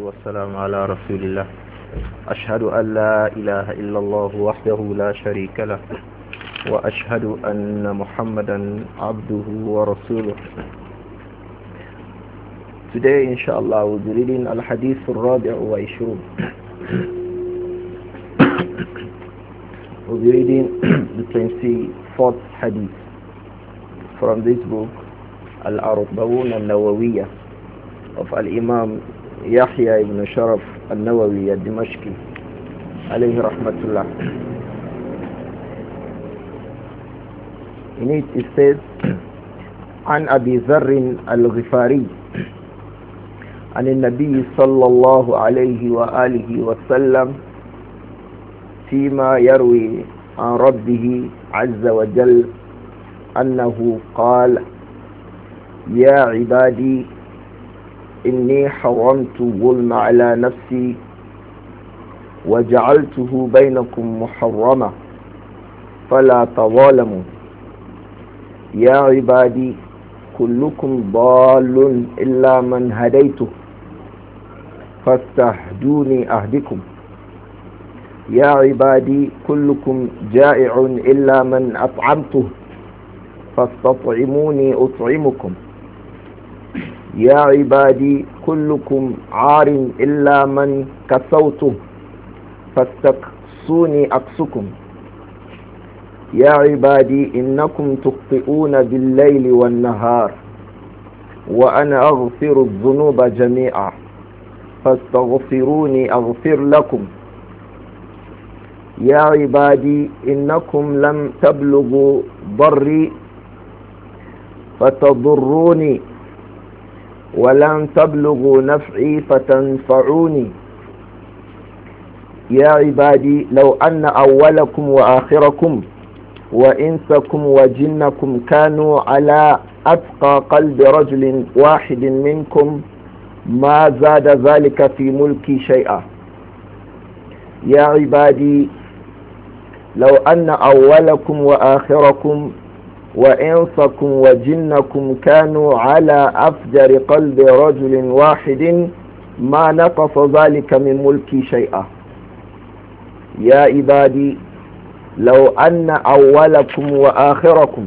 والسلام على رسول الله أشهد أن لا إله إلا الله وحده لا شريك له وأشهد أن محمدا عبده ورسوله Today inshallah we'll be reading Al-Hadith Al-Rabi' wa Ishrub We'll be reading the 24th Hadith from this book Al-Arbawun Al-Nawawiyah of Al-Imam يحيى بن شرف النووي الدمشقي عليه رحمة الله In it it says عن أبي ذر الغفاري عن النبي صلى الله عليه وآله وسلم فيما يروي عن ربه عز وجل أنه قال يا عبادي إني حرمت الظلم على نفسي وجعلته بينكم محرمة فلا تظالموا يا عبادي كلكم ضال إلا من هديته فاستهدوني أهدكم يا عبادي كلكم جائع إلا من أطعمته فاستطعموني أطعمكم يا عبادي كلكم عار إلا من كسوته فاستقصوني أقصكم يا عبادي إنكم تخطئون بالليل والنهار وأنا أغفر الذنوب جميعا فاستغفروني أغفر لكم يا عبادي إنكم لم تبلغوا ضري فتضروني ولن تبلغوا نفعي فتنفعوني يا عبادي لو أن أولكم وآخركم وإنسكم وجنكم كانوا على أتقى قلب رجل واحد منكم ما زاد ذلك في ملكي شيئا يا عبادي لو أن أولكم وآخركم وإنسكم وجنكم كانوا على أفجر قلب رجل واحد ما نقص ذلك من ملكي شيئا يا عبادي لو أن أولكم وآخركم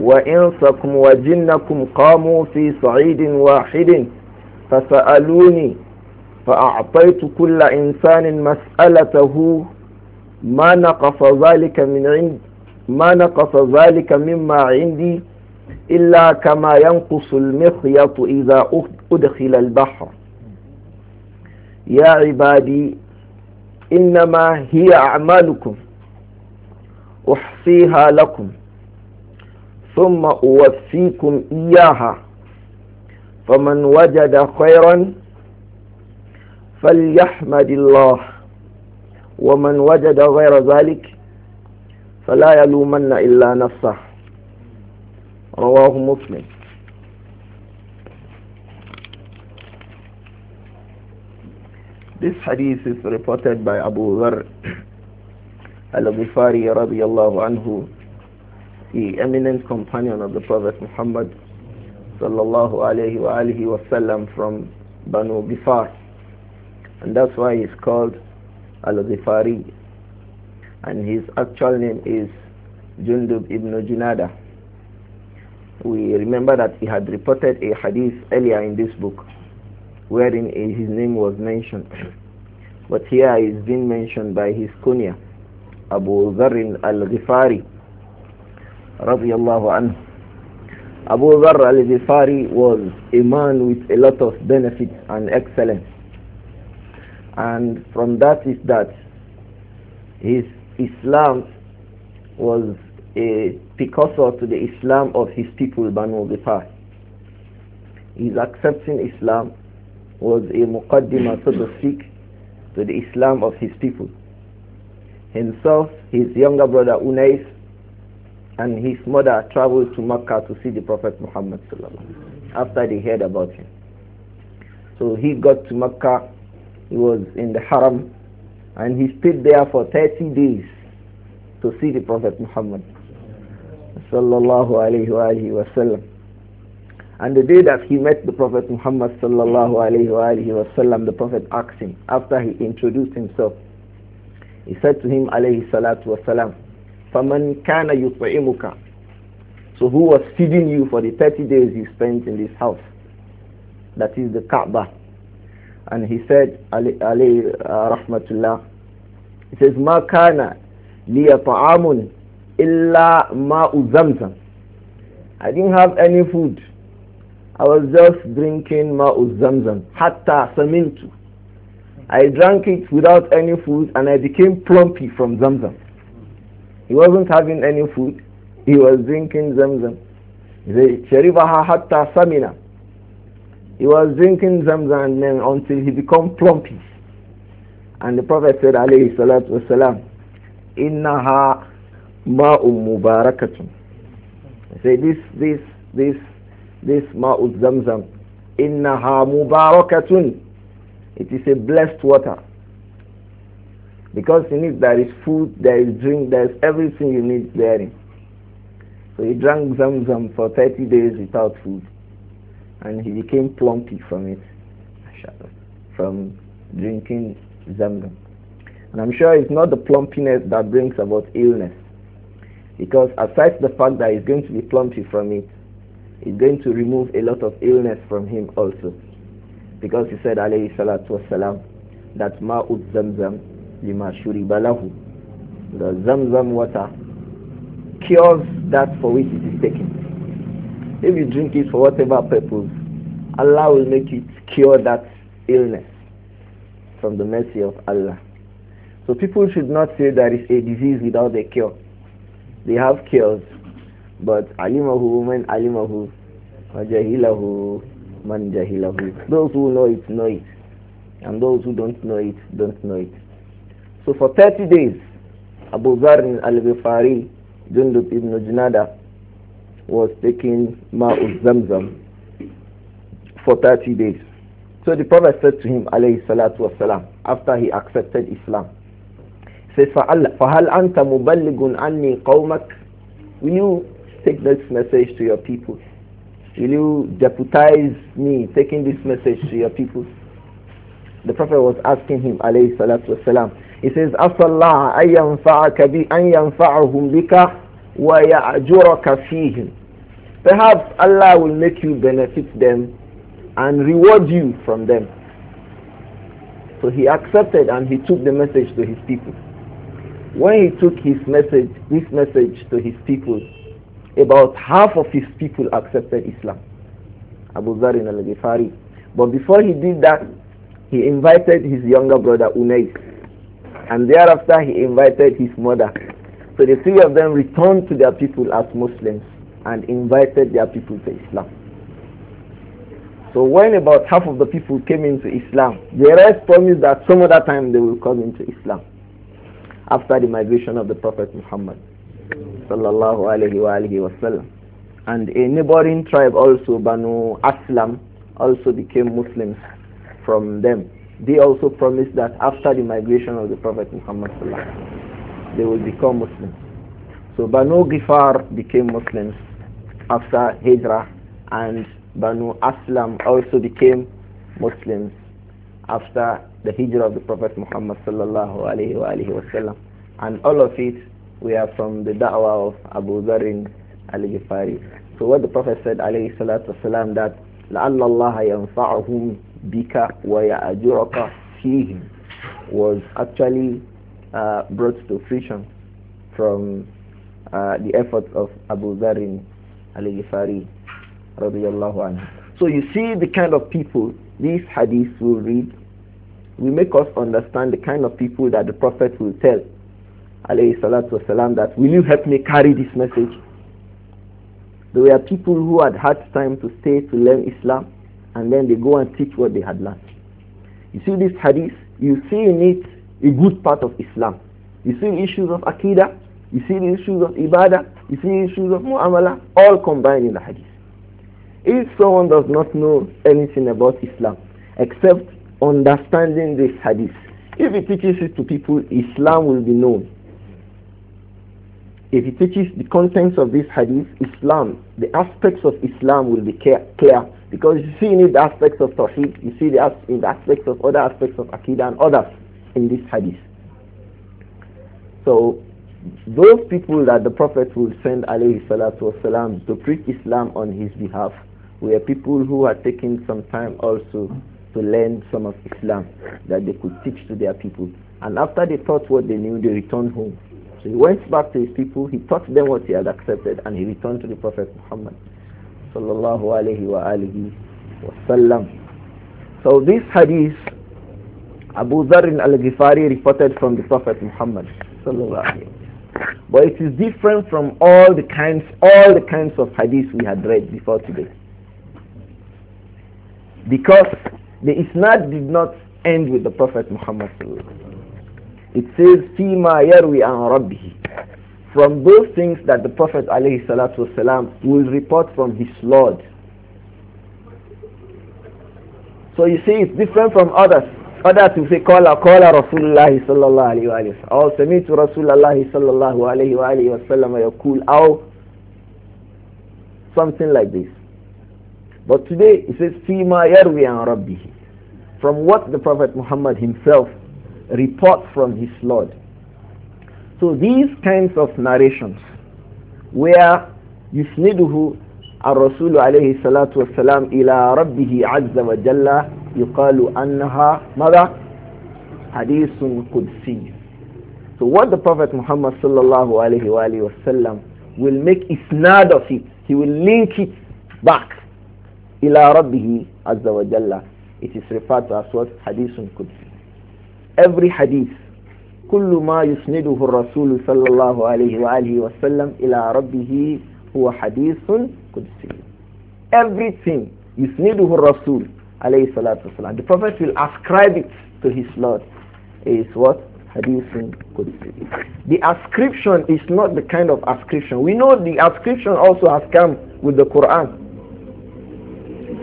وإنسكم وجنكم قاموا في صعيد واحد فسألوني فأعطيت كل إنسان مسألته ما نقص ذلك من عند ما نقص ذلك مما عندي إلا كما ينقص المخيط إذا أدخل البحر يا عبادي إنما هي أعمالكم أحصيها لكم ثم أوفيكم إياها فمن وجد خيرا فليحمد الله ومن وجد غير ذلك فلا يلومن إلا نفسه رواه مسلم This hadith is reported by Abu Dhar al-Ghifari radiallahu anhu, the eminent companion of the Prophet Muhammad sallallahu alayhi wa alihi wasallam from Banu Bifar. And that's why he's called al-Ghifari and his actual name is Jundub ibn Junada. We remember that he had reported a hadith earlier in this book wherein his name was mentioned. But here he is being mentioned by his kunya, Abu Dharr al-Ghifari, Abu Dharr al-Ghifari was a man with a lot of benefits and excellence. And from that is that his Islam was a precursor to the Islam of his people Banu Bifar. His accepting Islam was a muqaddimah, so to speak, to the Islam of his people. Himself, his younger brother Unais, and his mother traveled to Mecca to see the Prophet Muhammad after they heard about him. So he got to Mecca, he was in the Haram and he stayed there for 30 days to see the Prophet Muhammad sallallahu alaihi wasallam. And the day that he met the Prophet Muhammad sallallahu alaihi wasallam, the Prophet asked him, after he introduced himself, he said to him alayhi salatu wasallam, salam, فَمَنْ So who was feeding you for the 30 days you spent in this house? That is the Kaaba and he said Ali, Ali uh, rahmatullah he says ma kana liya ta'amun illa ma zamzam I didn't have any food I was just drinking ma zamzam hatta samintu I drank it without any food and I became plumpy from zamzam he wasn't having any food he was drinking zamzam he said sharibaha hatta samina he was drinking Zamzam then until he became plumpy. And the Prophet said, alayhi salatu wasalam, innaha ma'um mubarakatun. He said, this, this, this, this ma'u zamzam, innaha mubarakatun. It is a blessed water. Because in it there is food, there is drink, there is everything you need therein. So he drank zamzam for 30 days without food and he became plumpy from it, from drinking zamzam. And I'm sure it's not the plumpiness that brings about illness, because aside the fact that he's going to be plumpy from it, he's going to remove a lot of illness from him also, because he said, alayhi salatu wasalam, that ma'ud zamzam lima shuriba lahu. The zamzam water cures that for which it is taken. If you drink it for whatever purpose, Allah will make it cure that illness from the mercy of Allah. So people should not say there is a disease without a cure. They have cures, but alimahu man alimahu, wajahilahu man jahilahu. Those who know it know it, and those who don't know it don't know it. So for 30 days, Abu Zarn al-Ghifari, Jundub ibn Junada, was taking Ma'ud Zamzam for 30 days. So the Prophet said to him, alayhi salatu wasalam, after he accepted Islam, he says, فَهَلْ أَنْتَ مُبَلِّغٌ عَنِّي قَوْمَكَ Will you take this message to your people? Will you deputize me taking this message to your people? The Prophet was asking him, alayhi salatu wasalam, he says, أَفَى اللَّهَ أَن يَنْفَعَكَ بِأَن يَنْفَعَهُمْ بِكَ وَيَعْجُرَكَ فِيهِمْ Perhaps Allah will make you benefit them and reward you from them. So he accepted and he took the message to his people. When he took his message, this message to his people, about half of his people accepted Islam. Abu Zarin al-Ghifari. But before he did that, he invited his younger brother Unais. And thereafter he invited his mother so the three of them returned to their people as Muslims and invited their people to Islam. So when about half of the people came into Islam, the rest promised that some other time they will come into Islam after the migration of the Prophet Muhammad sallallahu alaihi wasallam. And a neighboring tribe also, Banu Aslam, also became Muslims from them. They also promised that after the migration of the Prophet Muhammad sallallahu they will become Muslims. So Banu Gifar became Muslims after Hijrah and Banu Aslam also became Muslims after the Hijrah of the Prophet Muhammad sallallahu alaihi wasallam. And all of it we are from the da'wah of Abu Dharin al-Ghifari. So what the Prophet said alayhi salatu wasalam that لَعَلَّ اللَّهَ يَنْفَعُهُمْ بِكَ وَيَأْجُرَكَ فِيهِمْ was actually uh, brought to fruition from uh, the efforts of Abu Dharin al-Ghifari radiyallahu anhu. So you see the kind of people these hadiths will read will make us understand the kind of people that the Prophet will tell alayhi salatu wasalam that will you help me carry this message? There were people who had had time to stay to learn Islam and then they go and teach what they had learned. You see this hadith, you see in it a good part of Islam. You see issues of akida, you see the issues of Ibadah, you see the issues of Mu'amala, all combined in the Hadith. If someone does not know anything about Islam, except understanding this Hadith, if he teaches it to people, Islam will be known. If he teaches the contents of this Hadith, Islam, the aspects of Islam will be clear. Because you see in it the aspects of Tawheed, you see the, in the aspects of other aspects of akida and others in this hadith. So those people that the Prophet would send alayhi to preach Islam on his behalf were people who had taken some time also to learn some of Islam that they could teach to their people. And after they taught what they knew, they returned home. So he went back to his people, he taught them what he had accepted, and he returned to the Prophet Muhammad. Sallallahu wasallam. So this hadith Abu Dharr al-Ghifari reported from the Prophet Muhammad But it is different from all the kinds, all the kinds of hadith we had read before today. Because the Isnad did not end with the Prophet Muhammad It says, فِيمَا يَرْوِي عَنْ رَبِّهِ From those things that the Prophet والسلام, will report from his Lord. So you see, it's different from others. Others will say, Qala, Qala Rasulullah sallallahu alayhi wa alayhi wa sallam. Or Samitu Rasulullah sallallahu alayhi wa alayhi wa sallam yakul. something like this. But today it says, Fima yarwi an rabbihi. From what the Prophet Muhammad himself reports from his Lord. So these kinds of narrations where يسنده الرسول عليه الصلاة والسلام إلى ربه عز وجل يقال أنها ماذا حديث قدسي so what the prophet Muhammad صلى الله عليه وآله وسلم will make isnad of it he will link it back إلى ربه عز وجل it is referred to as what حديث قدسي every حديث كل ما يسنده الرسول صلى الله عليه وآله وسلم إلى ربه هو حديث قدسي everything يسنده الرسول alayhi salatu wasalam. The Prophet will ascribe it to his Lord. Is what? hadithin Qudsi. The ascription is not the kind of ascription. We know the ascription also has come with the Quran.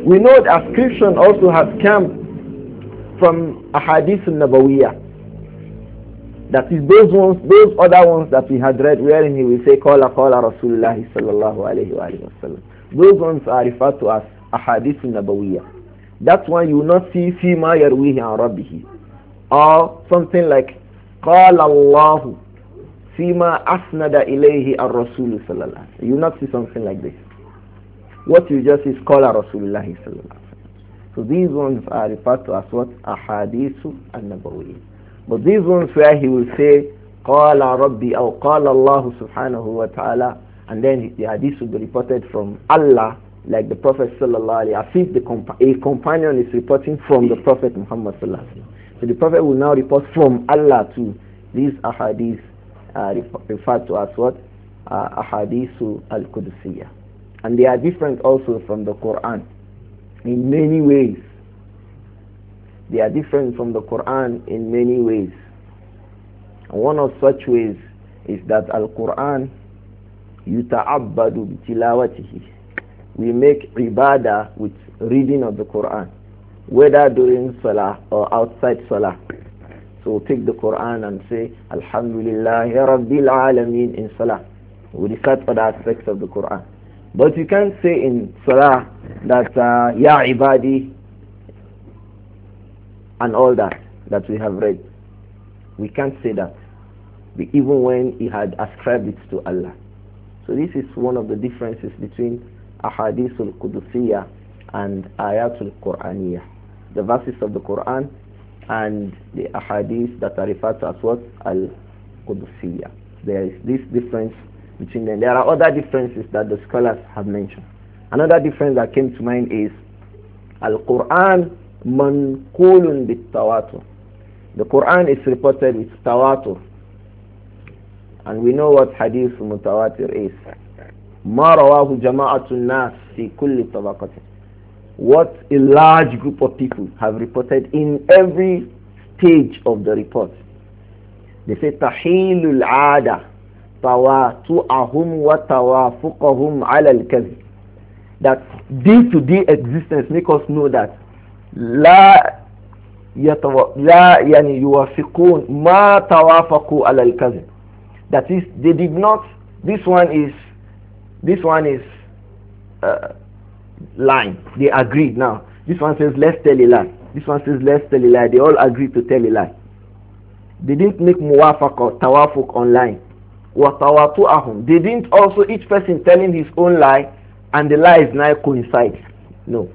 We know the ascription also has come from in Nabawiya. That is those ones, those other ones that we had read wherein he will say, Qala Qala Rasulullah sallallahu alayhi wa sallam. Those ones are referred to as in Nabawiya. That one you will not see fima yarwihi an rabbihi. Or something like قال الله فيما أسند إليه الرسول صلى الله عليه وسلم. You will not see something like this. What you just is قال رسول الله صلى الله عليه وسلم. So these ones are referred to as what? أحاديث النبوية. But these ones where he will say قال ربي أو قال الله سبحانه وتعالى and then the hadith will be reported from Allah like the Prophet sallallahu alaihi as if the compa a companion is reporting from the Prophet Muhammad sallallahu alaihi So the Prophet will now report from Allah to these ahadith uh, referred to as what uh, ahadithu al qudusiyya and they are different also from the Quran in many ways. They are different from the Quran in many ways. one of such ways is that Al Quran يتعبد بتلاوته we make ibadah with reading of the Quran, whether during Salah or outside Salah. So take the Quran and say, Alhamdulillah, Rabbil Alameen in Salah. We recite other aspects of the Quran. But you can't say in Salah that, uh, Ya Ibadi, and all that, that we have read. We can't say that, even when he had ascribed it to Allah. So this is one of the differences between Ahadith al-Qudusiyya and Ayat al quraniyah The verses of the Quran and the Ahadith that are referred to as what? Al-Qudusiyya. There is this difference between them. There are other differences that the scholars have mentioned. Another difference that came to mind is Al-Quran manqulun bit-tawatur. The Quran is reported with tawatur. And we know what hadith mutawatir is what a large group of people have reported in every stage of the report they say tahilul ada tawatu'ahum wa tawafuquhum 'ala al-kadhib that day to day existence makes us know that la la ma tawafaku ala al that is they did not this one is this one is uh, lying. They agreed now. This one says, let's tell a lie. This one says, let's tell a lie. They all agreed to tell a lie. They didn't make muwafak or tawafuk online. They didn't also, each person telling his own lie, and the lies now coincide. No.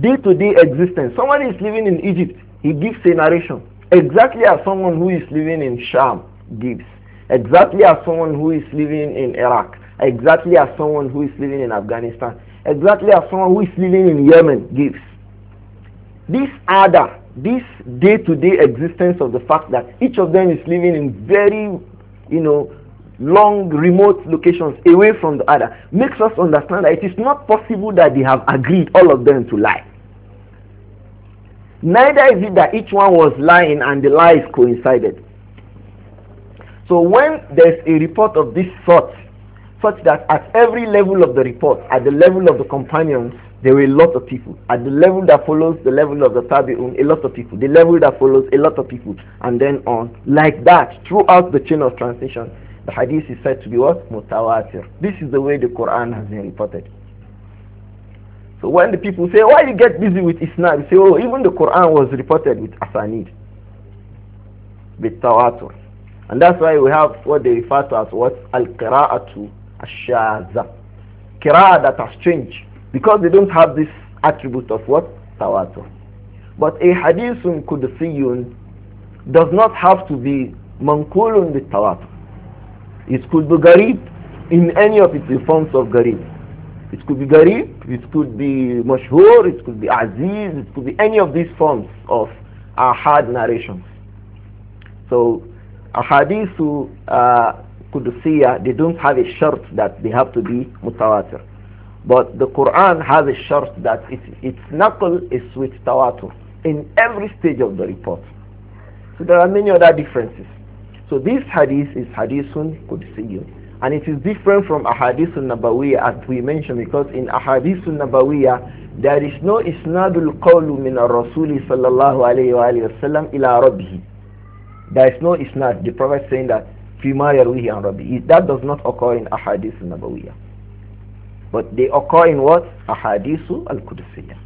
Day-to-day existence. Someone is living in Egypt. He gives a narration. Exactly as someone who is living in Sham gives. Exactly as someone who is living in Iraq exactly as someone who is living in Afghanistan, exactly as someone who is living in Yemen gives. This other, this day-to-day -day existence of the fact that each of them is living in very, you know, long remote locations away from the other makes us understand that it is not possible that they have agreed all of them to lie. Neither is it that each one was lying and the lies coincided. So when there's a report of this sort such that at every level of the report, at the level of the companions, there were a lot of people. At the level that follows the level of the Tabi'un, a lot of people. The level that follows, a lot of people. And then on. Like that, throughout the chain of transmission, the hadith is said to be what? Mutawatir. This is the way the Quran has been reported. So when the people say, why you get busy with Isnad? You say, oh, even the Quran was reported with Asanid. With Tawatur. And that's why we have what they refer to as what? Al-Qira'atu Ashaza. Qira'ah that has changed because they don't have this attribute of what? Tawatur. But a hadithun kudusiyun does not have to be mankulun with tawatur. It could be garib in any of its forms of garib. It could be garib, it could be mashhur, it could be aziz, it could be any of these forms of ahad narrations. So ahadithu uh, they don't have a shirt that they have to be mutawatir. But the Quran has a shirt that its, its knuckle is with tawatur in every stage of the report. So there are many other differences. So this hadith is hadithun qudsiyun. And it is different from ahadithun nabawiyya as we mentioned because in ahadithun nabawiyya there is no isnadul qawlu min ar-rasuli sallallahu alayhi wa sallam ila rabbih. There is no isnad. The Prophet saying that فيما يرويه عن that does not occur in أحاديث النبوية but they occur in what أحاديث القدسية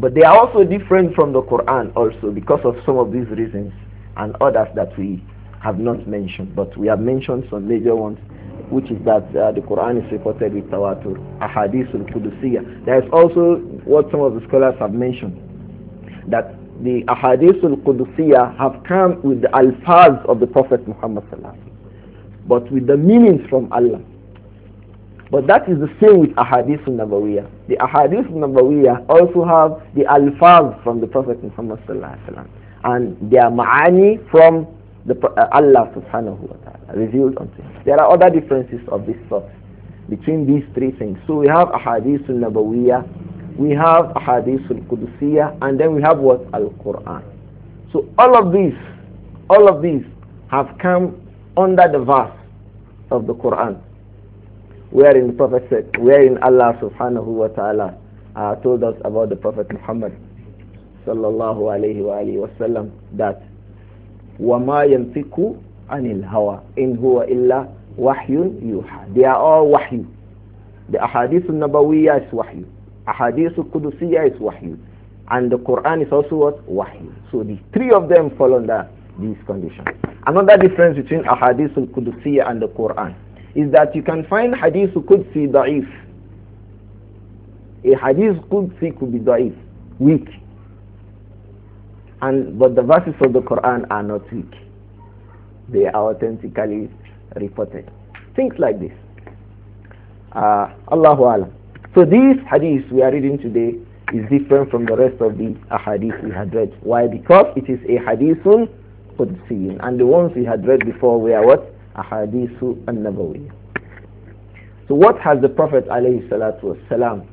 but they are also different from the Quran also because of some of these reasons and others that we have not mentioned but we have mentioned some major ones which is that uh, the Quran is reported with Tawatur, Ahadith al-Qudusiyya. is also what some of the scholars have mentioned, that the Ahadith kudusiyah have come with the alfaz of the Prophet Muhammad sallallahu but with the meanings from Allah. But that is the same with Ahadith Nabawiyah. The Ahadith Nabawiyah also have the alfaz from the Prophet Muhammad and their ma'ani from the, uh, Allah subhanahu wa ta'ala revealed unto him. There are other differences of this sort between these three things. So we have Ahadith Nabawiyah, we have Ahadith Qudusiyah, and then we have what? Al-Quran. So all of these, all of these have come under the verse of the Quran wherein the Prophet said, wherein Allah subhanahu wa ta'ala uh, told us about the Prophet Muhammad sallallahu alayhi wa alayhi wa sallam that وَمَا يَنْفِكُ عَنِ الْهَوَىٰ إِنْ هُوَ إِلَّا وَحْيٌ يُوحَىٰ They are all Wahy. The ahadith nabawiyya is Wahy. Ahadith qudusiyya is Wahy. And the Quran is also what? Wahy. So the three of them fall under these conditions. Another difference between hadith al-Qudusiyya and the Quran is that you can find Hadith al-Qudsi da'if. A Hadith Qudsi could be da'if, weak. And, but the verses of the Quran are not weak. They are authentically reported. Things like this. Uh, Allahu Alam. So these hadiths we are reading today is different from the rest of the hadiths we had read. Why? Because it is a hadithun Qudsiyin. And the ones we had read before were what? Ahadithu and Nabawiyyah. So what has the Prophet والسلام,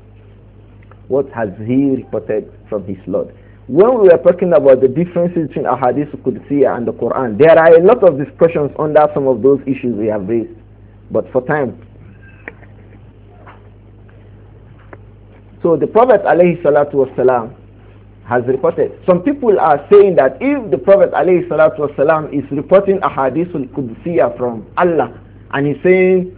what has he reported from his Lord? When we were talking about the differences between Ahadith Qudsiya and the Quran, there are a lot of discussions under some of those issues we have raised. But for time. So the Prophet والسلام, has reported. Some people are saying that if the Prophet والسلام, is reporting a hadith al-Qudsiya from Allah and he's saying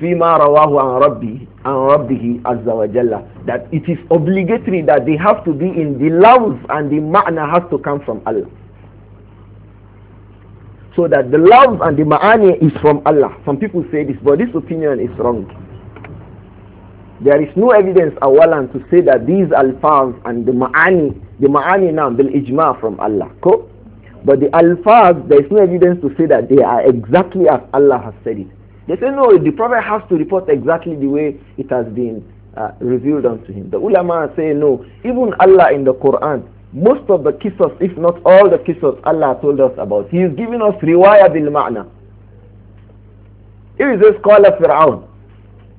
فيما رواه عن ربي ربه عز وجل that it is obligatory that they have to be in the love and the ma'na has to come from Allah so that the love and the ma'ani is from Allah some people say this but this opinion is wrong there is no evidence awalan to say that these alfaz and the ma'ani, the ma'ani now, bil ijma from Allah. But the alfaz, there is no evidence to say that they are exactly as Allah has said it. They say no, the Prophet has to report exactly the way it has been uh, revealed unto him. The ulama say no, even Allah in the Quran, most of the kisses, if not all the kisses Allah told us about, He is giving us riwayah bil ma'na. He is a scholar Fir'aun.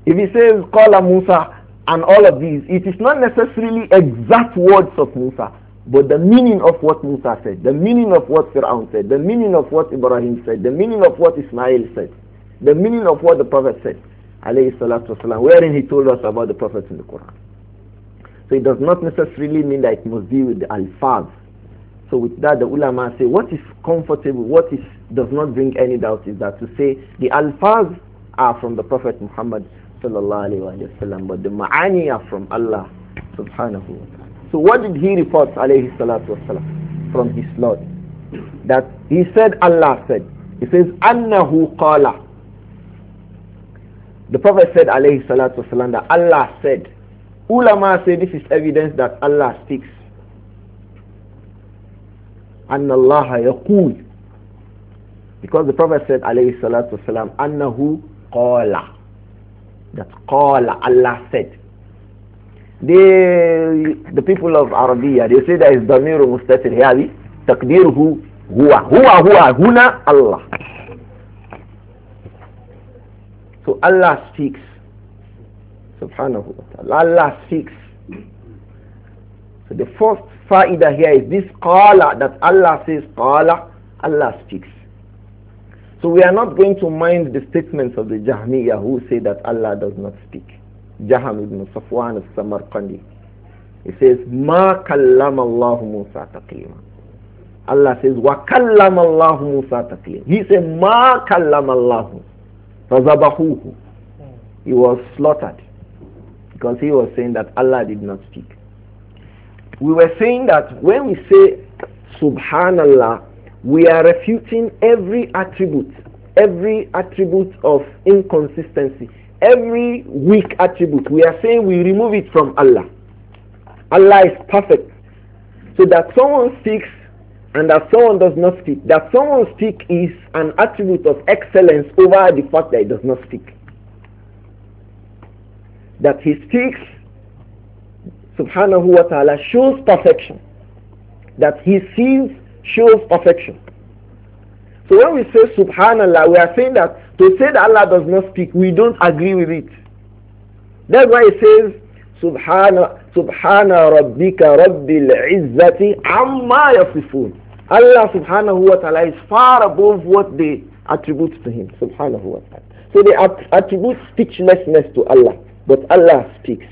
If he says, a Musa, and all of these, it is not necessarily exact words of Musa, but the meaning of what Musa said, the meaning of what Fir'aun said, the meaning of what Ibrahim said, the meaning of what Ismail said, the meaning of what the Prophet said, alayhi salatu wasalam, wherein he told us about the Prophet in the Quran. So it does not necessarily mean that it must be with the alfaz. So with that, the ulama say, what is comfortable, what is does not bring any doubt is that to say the alfaz are from the Prophet Muhammad sallallahu alayhi wasallam, but the ma'ani from Allah subhanahu wa ta'ala. So what did he report alayhi salatu wasalam from his Lord? That he said Allah said. He says annahu qala. The Prophet said alayhi salatu wasalam that Allah said. Ulama say this is evidence that Allah speaks. أن الله يقول because the Prophet said عليه الصلاة والسلام أنه قال that call Allah said. They, the people of Arabia, they say that is Damiru Mustatir Hiyabi, Takdirhu Huwa, Huwa, Huwa, Huna, Allah. So Allah speaks. Subhanahu wa ta'ala. Allah speaks. So the first fa'idah here is this qala that Allah says qala, Allah speaks. So we are not going to mind the statements of the Jahmiyyah who say that Allah does not speak. Jaham ibn Safwan al-Samarqandi. He says, Ma kallama Allah Musa taqlima. Allah says, Wa kallama Allah Musa taqlima. He said, Ma kallama Allah. Razabahu. He was slaughtered. Because he was saying that Allah did not speak. We were saying that when we say Subhanallah, we are refuting every attribute, every attribute of inconsistency, every weak attribute. We are saying we remove it from Allah. Allah is perfect. So that someone speaks and that someone does not speak. That someone speaks is an attribute of excellence over the fact that he does not speak. That he speaks, subhanahu wa ta'ala, shows perfection. That he sees shows perfection. So when we say subhanallah, we are saying that to say that Allah does not speak, we don't agree with it. That's why it says subhana subhana rabbika rabbil izzati amma yasifun. Allah subhanahu wa ta'ala is far above what they attribute to him. Subhanahu wa ta'ala. So they attribute speechlessness to Allah, but Allah speaks.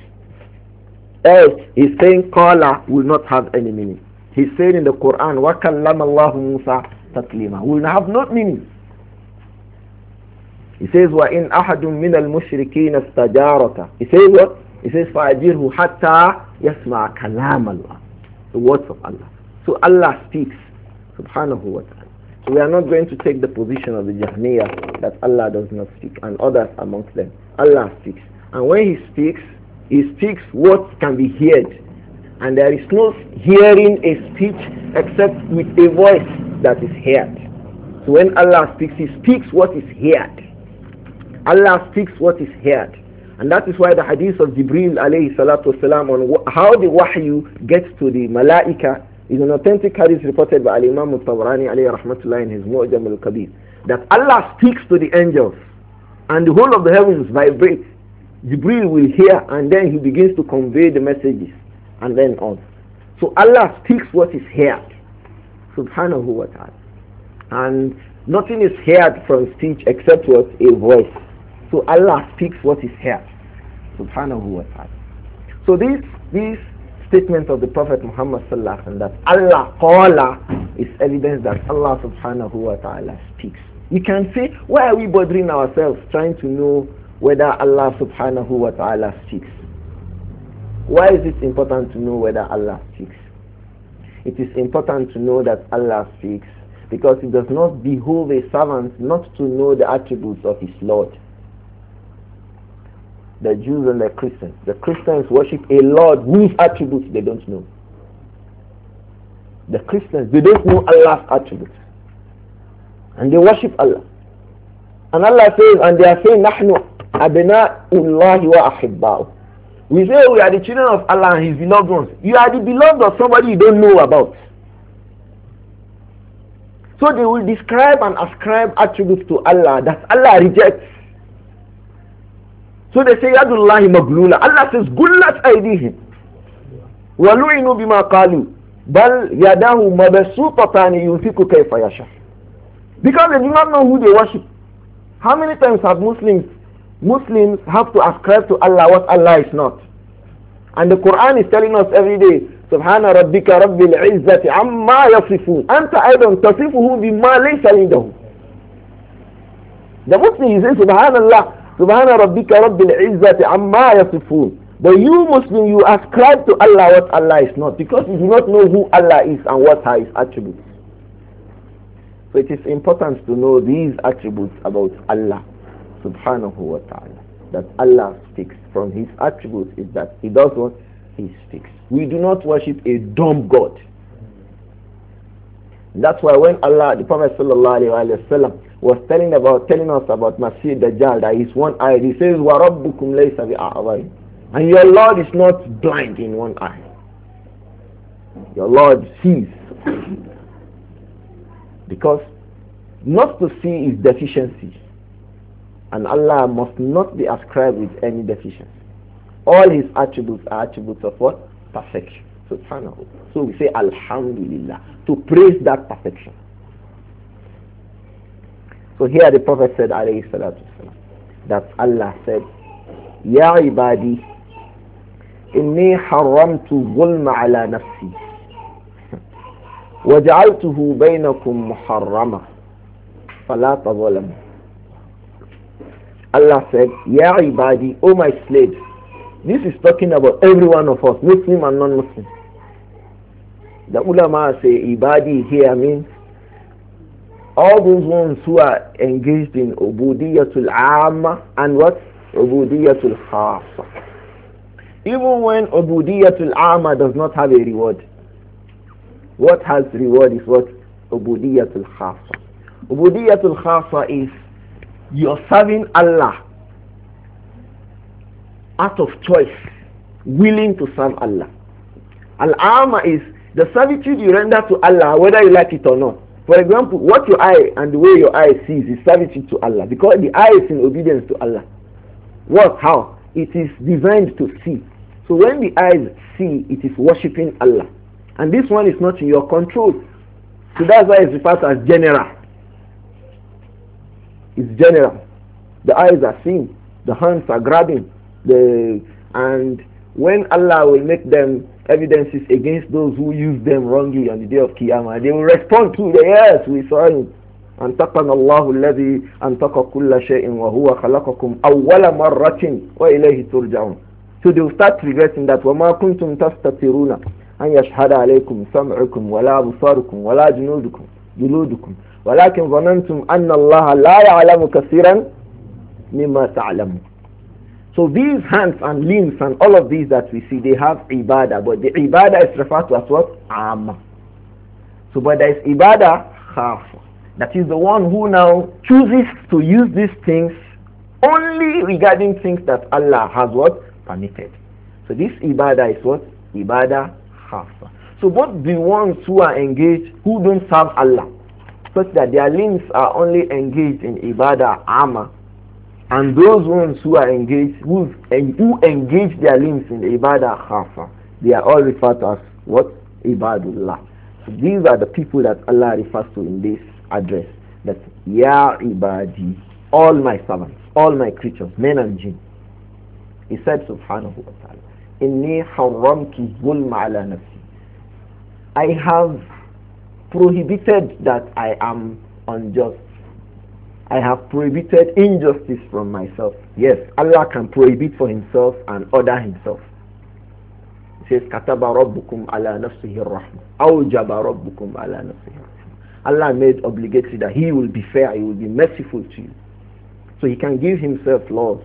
Else his saying "Kala" will not have any meaning. He said in the Quran, وَكَلَّمَ اللَّهُ مُوسَى تَكْلِيمًا Will have not meaning. He says, وَإِنْ أَحَدٌ مِّنَ الْمُشْرِكِينَ اسْتَجَارَكَ He says what? He says, فَأَجِرْهُ حَتَّى يَسْمَعَ كَلَامَ اللَّهِ The words of Allah. So Allah speaks, subhanahu wa ta'ala. So we are not going to take the position of the Jahmiya that Allah does not speak and others amongst them. Allah speaks. And when He speaks, He speaks what can be heard. And there is no hearing a speech except with a voice that is heard. So when Allah speaks, He speaks what is heard. Allah speaks what is heard. And that is why the hadith of Jibril alayhi salatu wasalam on how the wahyu gets to the malaika is an authentic hadith reported by Al-Imam al-Tabrani alayhi rahmatullah in his Mu'jam al-Kabir. That Allah speaks to the angels and the whole of the heavens vibrate. Jibril will hear and then he begins to convey the messages and then on. So Allah speaks what is heard. Subhanahu wa ta'ala. And nothing is heard from speech except what a voice. So Allah speaks what is heard. Subhanahu wa ta'ala. So this this statement of the Prophet Muhammad sallallahu alaihi wasallam that Allah qala is evidence that Allah subhanahu wa ta'ala speaks. We can say, why are we bothering ourselves trying to know whether Allah subhanahu wa ta'ala speaks? Why is it important to know whether Allah speaks? It is important to know that Allah speaks because it does not behove a servant not to know the attributes of his Lord. The Jews and the Christians. The Christians worship a Lord whose attributes they don't know. The Christians, they don't know Allah's attributes. And they worship Allah. And Allah says, and they are saying, نَحْنُ أَبْنَاءُ اللَّهِ وأحباؤه. We say oh, we are the children of Allah and His beloved ones. You are the beloved of somebody you don't know about. So they will describe and ascribe attributes to Allah that Allah rejects. So they say Yadullahi maglula. Allah says gullat aydihim. Walu'inu bima qalu. Bal yadahu mabsutatani yunfiku kayfa yasha. Because they do not know who they worship. How many times have Muslims Muslims have to ascribe to Allah what Allah is not. And the Quran is telling us every day, Subhana rabbika rabbil izzati amma yasifun. Anta aidan tasifuhu bima laysa indahu. The Muslim is Subhanallah, Subhana rabbika rabbil izzati amma yasifun. But you Muslim, you ascribe to Allah what Allah is not because you do not know who Allah is and what are his attributes. So it is important to know these attributes about Allah subhanahu wa ta'ala. That Allah speaks. From his attributes is that he does what? He speaks. We do not worship a dumb God. That's why when Allah, the Prophet sallallahu alaihi wasallam, was telling about telling us about Masih Dajjal that His one eye, he says, وَرَبُّكُمْ لَيْسَ بِأَعْوَيْ And your Lord is not blind in one eye. Your Lord sees. because not to see is deficiency. And Allah must not be ascribed with any deficiency. All his attributes are attributes of what? Perfection. Subhanahu. So we say Alhamdulillah to praise that perfection. So here the Prophet said alayhi salatu that Allah said, Ya ibadi, inni haramtu zulma ala nafsi وجعلته بينكم محرما فلا تظلموا Allah said, Ya ibadi, O my slaves. This is talking about every one of us, Muslim and non-Muslim. The ulama say ibadi here means all those ones who are engaged in ubudiyatul amma and what? Ubudiyatul khasa. Even when ubudiyatul amma does not have a reward, what has reward is what? Ubudiyatul khasa. Ubudiyatul khasa is you're serving Allah out of choice, willing to serve Allah. Al-ama is the servitude you render to Allah, whether you like it or not. For example, what your eye and the way your eye sees is servitude to Allah because the eye is in obedience to Allah. What? How? It is designed to see. So when the eyes see, it is worshipping Allah. And this one is not in your control. So that's why it's referred to as general is general. The eyes are seeing, the hands are grabbing, the, and when Allah will make them evidences against those who use them wrongly on the day of Qiyamah, they will respond to the yes, we saw him. أنتقنا الله الذي أنتق كل شيء وهو خلقكم أول مرة وإليه ترجعون So they will start regretting that وما كنتم تستطيعون أن يشهد عليكم سمعكم ولا أبصاركم ولا جنودكم جلودكم ولكن ظننتم أن الله لا يعلم كثيرا مما So these hands and limbs and all of these that we see, they have ibadah. But the ibadah is referred to as what? Amma. So but there is ibadah khafa. That is the one who now chooses to use these things only regarding things that Allah has what? Permitted. So this ibadah is what? Ibadah khafa. So both the ones who are engaged, who don't serve Allah, such that their limbs are only engaged in ibadah armor and those ones who are engaged who, who engage their limbs in ibadah khafa they are all referred to as what ibadullah so these are the people that Allah refers to in this address that ya ibadi all my servants all my creatures men and jinn he said subhanahu wa ta'ala inni haramtu zulma ala nafsi i have prohibited that I am unjust. I have prohibited injustice from myself. Yes, Allah can prohibit for himself and order himself. He says, Kataba Rabbukum ala nafsihi rahma. Awjaba ala Allah made obligatory that he will be fair, he will be merciful to you. So he can give himself laws.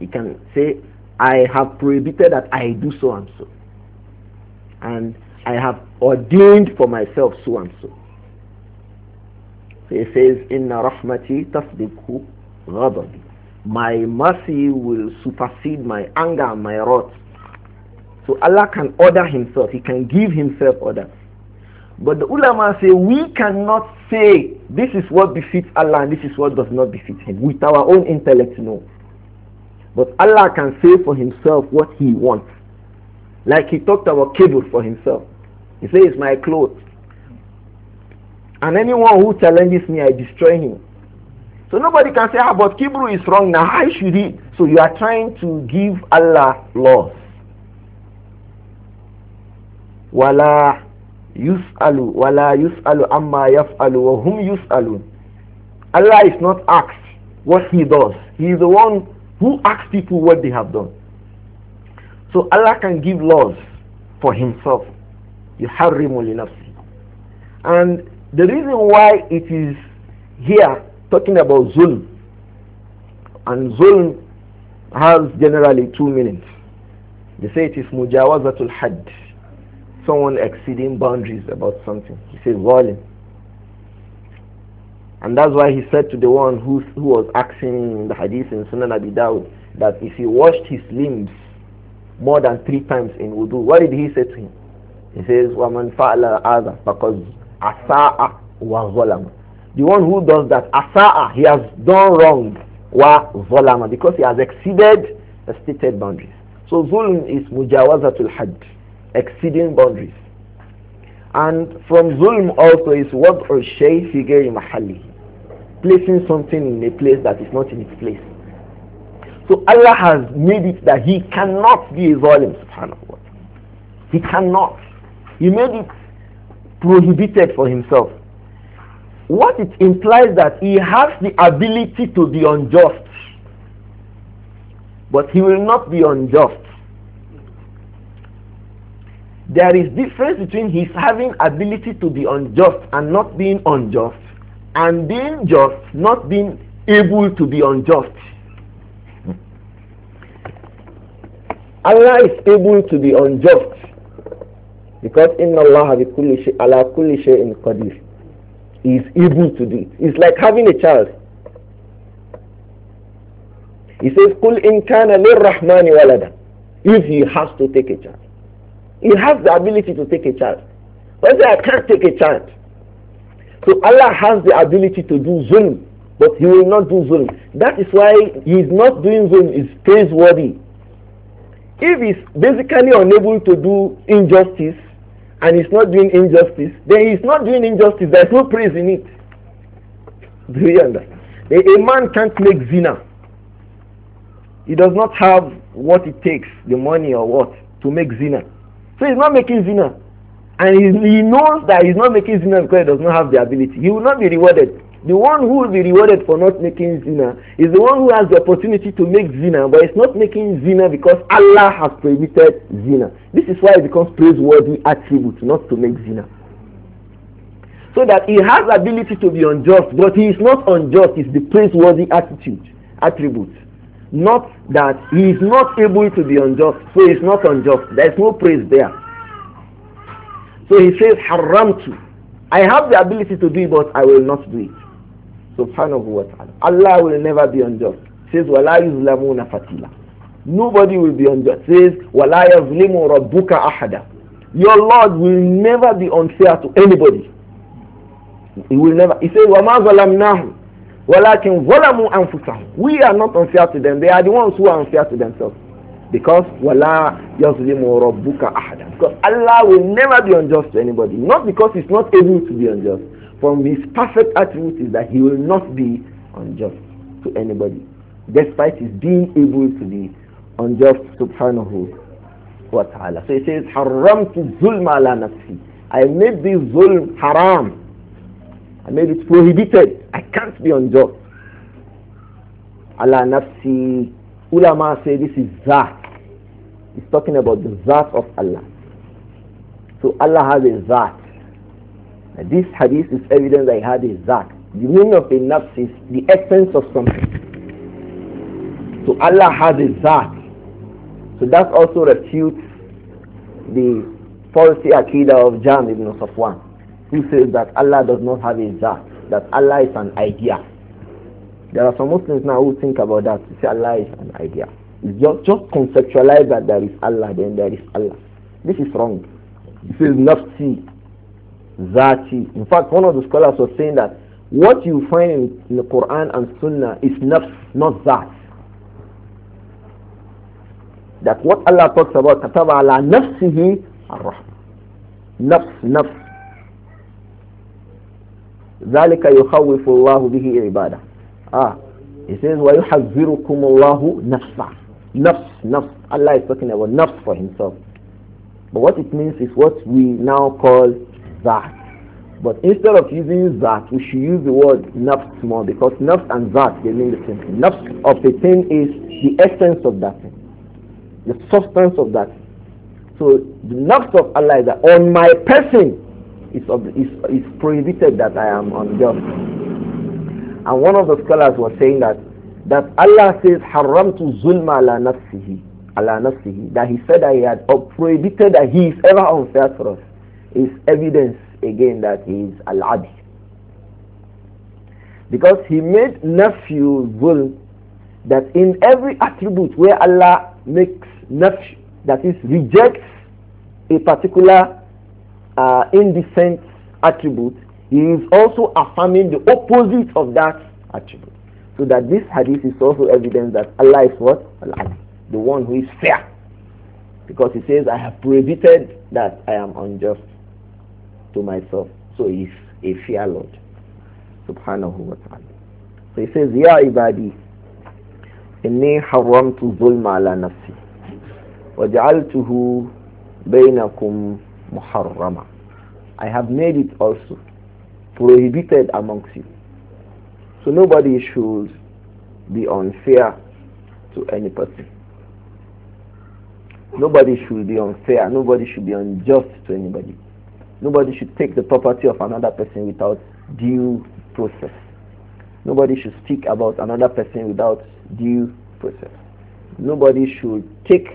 He can say, I have prohibited that I do so and so. And I have ordained for myself so and so. he says, Inna rahmati tasdiku ghadabi. My mercy will supersede my anger and my wrath. So Allah can order himself. He can give himself order. But the ulama say we cannot say this is what befits Allah and this is what does not befit him with our own intellect no. But Allah can say for himself what he wants. Like he talked about Kabul for himself. He says, my clothes. And anyone who challenges me, I destroy him. So nobody can say, ah, but Kibru is wrong now. How should he? So you are trying to give Allah Yus Wala yus'alu, wala yus'alu amma yaf'alu, wa hum Alu? Allah is not asked what he does. He is the one who asks people what they have done. So Allah can give laws for himself. يحرم لنفسه and the reason why it is here talking about zulm and zulm has generally two meanings they say it is mujawazatul had someone exceeding boundaries about something he says zalim and that's why he said to the one who, who was asking the hadith in Sunan Abi Dawud that if he washed his limbs more than three times in wudu, what did he say to him? He says, وَمَنْ فَعْلَ because فَقَدْ أَسَاءَ وَظَلَمَ The one who does that, asaa he has done wrong, وَظَلَمَ Because he has exceeded the stated boundaries. So zulm is mujawazatul had, exceeding boundaries. And from zulm also is what or shay figure mahali, placing something in a place that is not in its place. So Allah has made it that he cannot be a zulm subhanahu wa ta'ala. He cannot. He made it prohibited for himself. What it implies that he has the ability to be unjust, but he will not be unjust. There is difference between his having ability to be unjust and not being unjust, and being just, not being able to be unjust. Allah is able to be unjust because inna Allah kulli shay, ala kulli in qadir is able to do it. It's like having a child. He says, Kul in kana rahmani walada. If he has to take a child. He has the ability to take a child. But say, I can't take a child. So Allah has the ability to do zulm, but he will not do zulm. That is why he is not doing zulm is praiseworthy. If he's basically unable to do injustice, and he's not doing injustice, then he's not doing injustice. There's no praise in it. Do you understand? A man can't make zina. He does not have what it takes, the money or what, to make zina. So he's not making zina. And he, he knows that he's not making zina because he does not have the ability. He will not be rewarded. The one who will be rewarded for not making zina is the one who has the opportunity to make zina, but it's not making zina because Allah has prohibited zina. This is why it becomes praiseworthy attribute not to make zina. So that he has the ability to be unjust, but he is not unjust, it's the praiseworthy attitude, attribute. Not that he is not able to be unjust, so is not unjust. There is no praise there. So he says, haram to. I have the ability to do it, but I will not do it. Subhanahu wa ta'ala. Allah will never be unjust. Says, وَلَا يُظْلَمُونَ fatila. Nobody will be unjust. Says, وَلَا يَظْلِمُ رَبُّكَ أَحَدًا. Your Lord will never be unfair to anybody. He will never. He says, وَمَا ظَلَمْنَاهُمْ وَلَكِنْ ظَلَمُوا We are not unfair to them. They are the ones who are unfair to themselves. Because وَلَا يَظْلِمُ رَبُّكَ أَحَدًا Because Allah will never be unjust to anybody. Not because He's not able to be unjust from his perfect attribute is that he will not be unjust to anybody, despite his being able to be unjust subhanahu wa ta'ala. So he says, Haram to zulma ala nafsi. I made this zulm haram. I made it prohibited. I can't be unjust. Ala nafsi. Ulama say this is that. He's talking about the that of Allah. So Allah has a that. This hadith is evidence that he had a zak. The meaning of a nafs is the essence of something. So Allah has a zak. So that also refutes the falsy akida of Jam ibn Safwan, who says that Allah does not have a zat, that Allah is an idea. There are some Muslims now who think about that, to say Allah is an idea. It's just, just conceptualize that there is Allah, then there is Allah. This is wrong. It says nafsi. That In fact, one of the scholars was saying that what you find in, in the Quran and Sunnah is not not that. That what Allah talks about, kataba ala nafsihi ar Nafs, nafs. ذلك يخوف الله به عباده. Ah, he says وَيُحَذِّرُكُمُ اللَّهُ نَفْسًا Nafs, nafs. Allah is talking about nafs for himself. But what it means is what we now call zat. But instead of using zat, we should use the word nafs more because nafs and zat, they mean the same thing. Nafs of a thing is the essence of that thing, the substance of that. So the nafs of Allah is that on my person is, is, prohibited that I am unjust. And one of the scholars was saying that that Allah says haram to zulma ala nafsihi, ala nafsihi, that he said that he had prohibited that he is ever unfair to us is evidence again that he is al Because he made nafyu will that in every attribute where Allah makes nafyu, that is rejects a particular uh, indecent attribute, he is also affirming the opposite of that attribute. So that this hadith is also evidence that Allah is what? Allah, the one who is fair. Because he says, I have prohibited that I am unjust to myself. So he's a fair Lord. Subhanahu wa ta'ala. So he says, Ya ibadi, inni haramtu zulma ala nafsi. وجعلته بينكم muharrama. I have made it also prohibited amongst you so nobody should be unfair to any person nobody should be unfair nobody should be unjust to anybody Nobody should take the property of another person without due process. Nobody should speak about another person without due process. Nobody should take,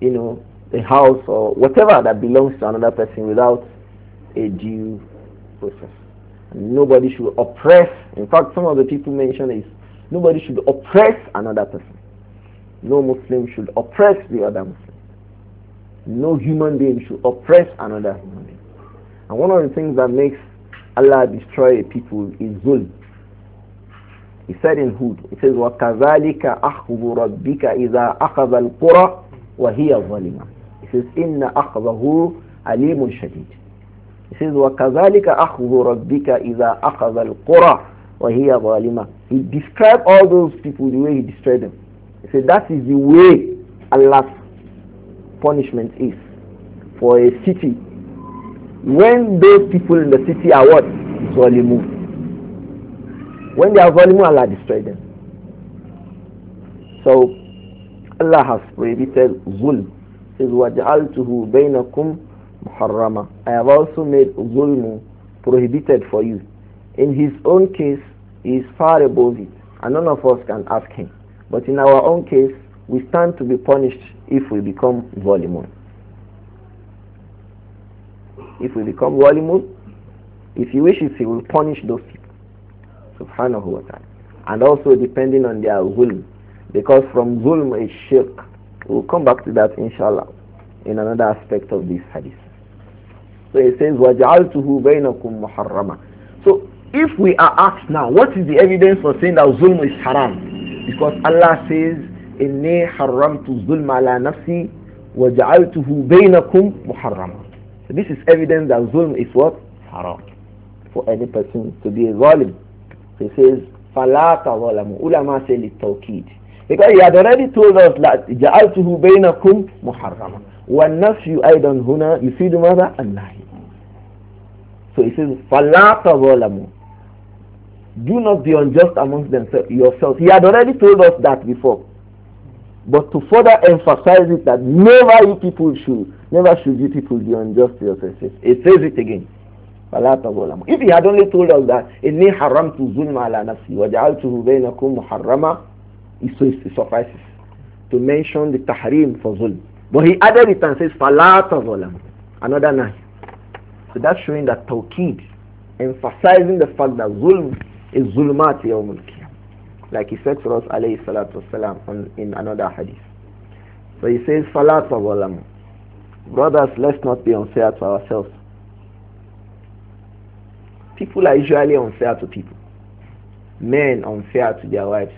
you know, a house or whatever that belongs to another person without a due process. Nobody should oppress. In fact, some of the people mentioned is nobody should oppress another person. No Muslim should oppress the other Muslim. No human being should oppress another human and one of the things that makes Allah destroy people is zulm. He said in Hud, it says, وَكَذَلِكَ أَخْذُ رَبِّكَ إِذَا أَخَذَ الْقُرَى وَهِيَ ظَلِمَةٌ It says, إِنَّ أَخْذَهُ عَلِيمٌ شَدِيدٌ It says, وَكَذَلِكَ أَخْذُ رَبِّكَ إِذَا أَخَذَ الْقُرَى وَهِيَ ظَالِمَةٌ He described all those people the way he destroyed them. He said, that is the way Allah's punishment is for a city when those people in the city are what? Zalimun. When they are Zalimun, Allah destroys them. So Allah has prohibited Zulm. Says, وَجَعَلْتُهُ بَيْنَكُمْ مُحَرَّمًا I have also made Zulm prohibited for you. In his own case, he is far above it, and none of us can ask him. But in our own case, we stand to be punished if we become Zalimun. If we become walimun, if he wishes, he will punish those people. Subhanahu wa ta'ala. And also depending on their zulm. Because from zulm is shirk. We'll come back to that inshallah in another aspect of this hadith. So it says, وَجَعَلْتُهُ بَيْنَكُمْ مُحَرَّمًا So if we are asked now, what is the evidence for saying that zulm is haram? Because Allah says, إِنِّي حَرَّمْتُ الظُّلْمَ عَلَى نَفْسِي وَجَعَلْتُهُ بَيْنَكُمْ مُحَرَّمًا so this is evidence that zulm is what? Haram. For any person to be a zalim. He says, فَلَا تَظَلَمُوا Ulama say لِلتَّوْكِيد Because he had already told us that جَعَلْتُهُ on مُحَرَّمًا you أَيْضًا the mother and lie. So he says, فَلَا تَظَلَمُوا Do not be unjust amongst themselves yourselves. He had already told us that before. But to further emphasize it that never you people should, never should you people be unjust to yourselves. It says it again. If he had only told us that, إِنِّي حَرَّمْتُ ظُلْمَ عَلَى نَفْسِي وَجَعَلْتُهُ بَيْنَكُمْ مُحَرَّمًا It suffices to mention the tahrim for zulm. But he added it and says, فَلَا تَظْلَمُ Another nine. So that's showing that tawqid, emphasizing the fact that zulm is zulmat yawmul like he said for us, alayhi salatu wasalam, in another hadith. So he says, Salat of Brothers, let's not be unfair to ourselves. People are usually unfair to people. Men unfair to their wives.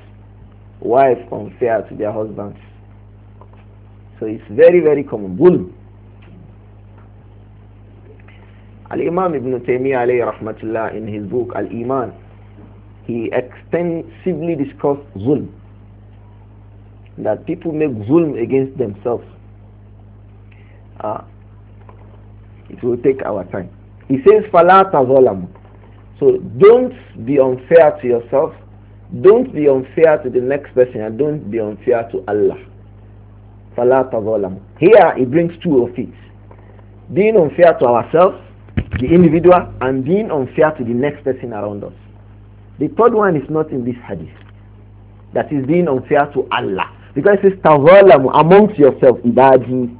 Wives unfair to their husbands. So it's very, very common. Bull. Al-Imam Ibn Taymiyyah alayhi rahmatullah in his book Al-Iman he extensively discussed zulm that people make zulm against themselves uh, it will take our time he says fala so don't be unfair to yourself don't be unfair to the next person and don't be unfair to Allah fala here he brings two of it being unfair to ourselves the individual and being unfair to the next person around us the third one is not in this hadith. That is being unfair to Allah. Because it's ta'walam amongst yourself, ibadi.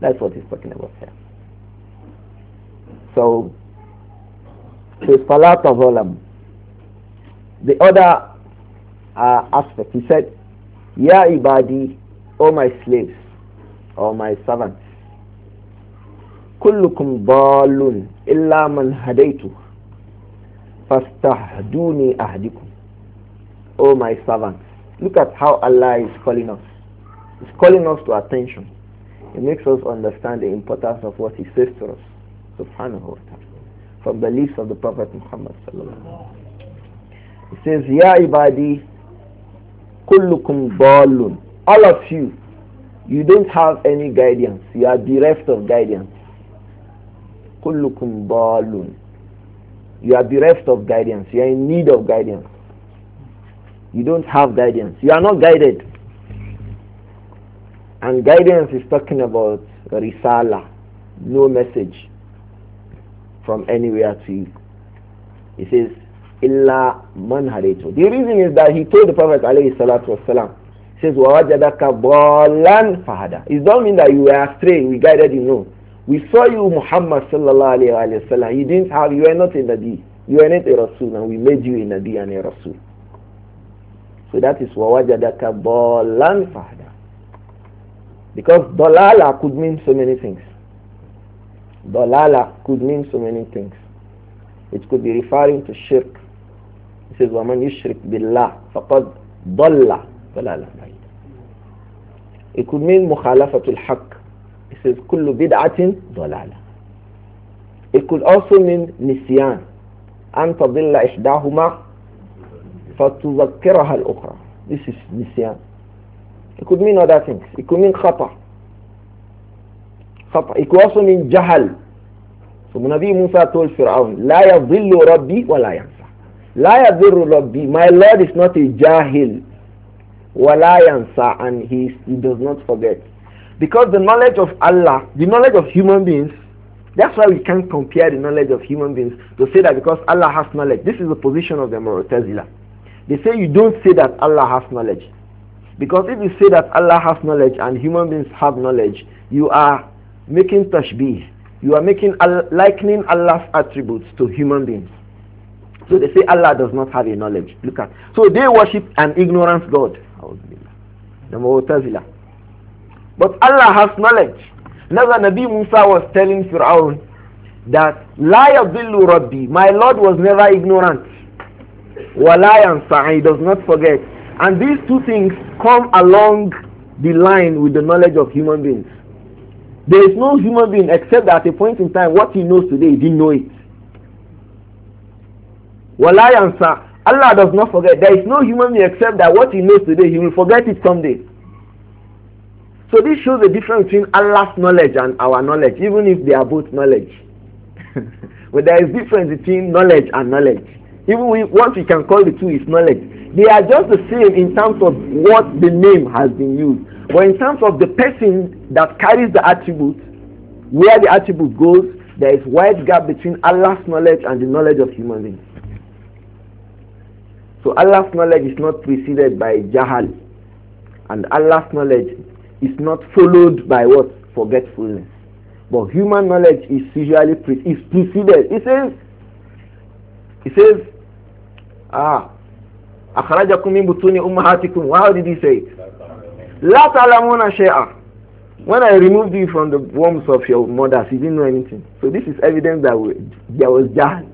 That's what he's talking about here. So, it's Fala The other uh, aspect, he said, Ya ibadi, O my slaves, O my servants. كلكم balun illa man هديته O Oh my servants. Look at how Allah is calling us. He's calling us to attention. He makes us understand the importance of what He says to us. Subhanahu wa ta'ala. From the lips of the Prophet Muhammad He says, Ya ibadi, kullukum balun. All of you, you don't have any guidance. You are bereft of guidance. Kullukum balun. You are bereft of guidance. You are in need of guidance. You don't have guidance. You are not guided. And guidance is talking about risala, no message from anywhere to you. He says, illa man hadaito. The reason is that he told the Prophet alayhi salatu wasalam, he says, wawajadaka fahada. It doesn't mean that you were astray, we guided you, no. We saw you, Muhammad sallallahu alayhi wa sallam. You didn't have, you are not a Nabi. You are not a Rasul and we made you a Nabi and a Rasul. So that is wawajadaka dolan fahda. Because dolala could mean so many things. Dolala could mean so many things. It could be referring to shirk. It says, وَمَنْ يُشْرِكْ بِاللَّهِ فَقَدْ ضَلَّ ضَلَالًا It could mean مُخَالَفَةُ الْحَقِّ It says kullu bid'atin dalala. It could also mean nisyan. أن تضل إحداهما فتذكرها الأخرى. This is nisyan. It could mean other things. It could mean خطأ. خطأ. It could also mean جهل. So Nabi Musa told Fir'aun, لا يضل ربي ولا ينفع. لا يضر ربي. My Lord is not a jahil. ولا ينفع. And he, he does not forget. Because the knowledge of Allah, the knowledge of human beings, that's why we can't compare the knowledge of human beings to say that because Allah has knowledge. This is the position of the Mu'tazila. They say you don't say that Allah has knowledge. Because if you say that Allah has knowledge and human beings have knowledge, you are making tashbih. You are making likening Allah's attributes to human beings. So they say Allah does not have a knowledge. Look at. So they worship an ignorant God. The Mu'tazila. But Allah has knowledge. Never Nabi Musa was telling Fir'aun that La Rabbi, my Lord was never ignorant. Walayan he does not forget. And these two things come along the line with the knowledge of human beings. There is no human being except that at a point in time what he knows today he didn't know it. Walayan Allah does not forget. There is no human being except that what he knows today he will forget it someday. So this shows the difference between Allah's knowledge and our knowledge, even if they are both knowledge. but there is difference between knowledge and knowledge. Even we, what we can call the two is knowledge. They are just the same in terms of what the name has been used. But in terms of the person that carries the attribute, where the attribute goes, there is wide gap between Allah's knowledge and the knowledge of human beings. So Allah's knowledge is not preceded by Jahal. And Allah's knowledge is not followed by what? Forgetfulness. But human knowledge is usually pre is preceded. It says, he says, ah, أخرجكم من بطون أمهاتكم. How did he say it? لا تعلمون شيئا. When I removed you from the wombs of your mothers, you didn't know anything. So this is evidence that we, there was jahl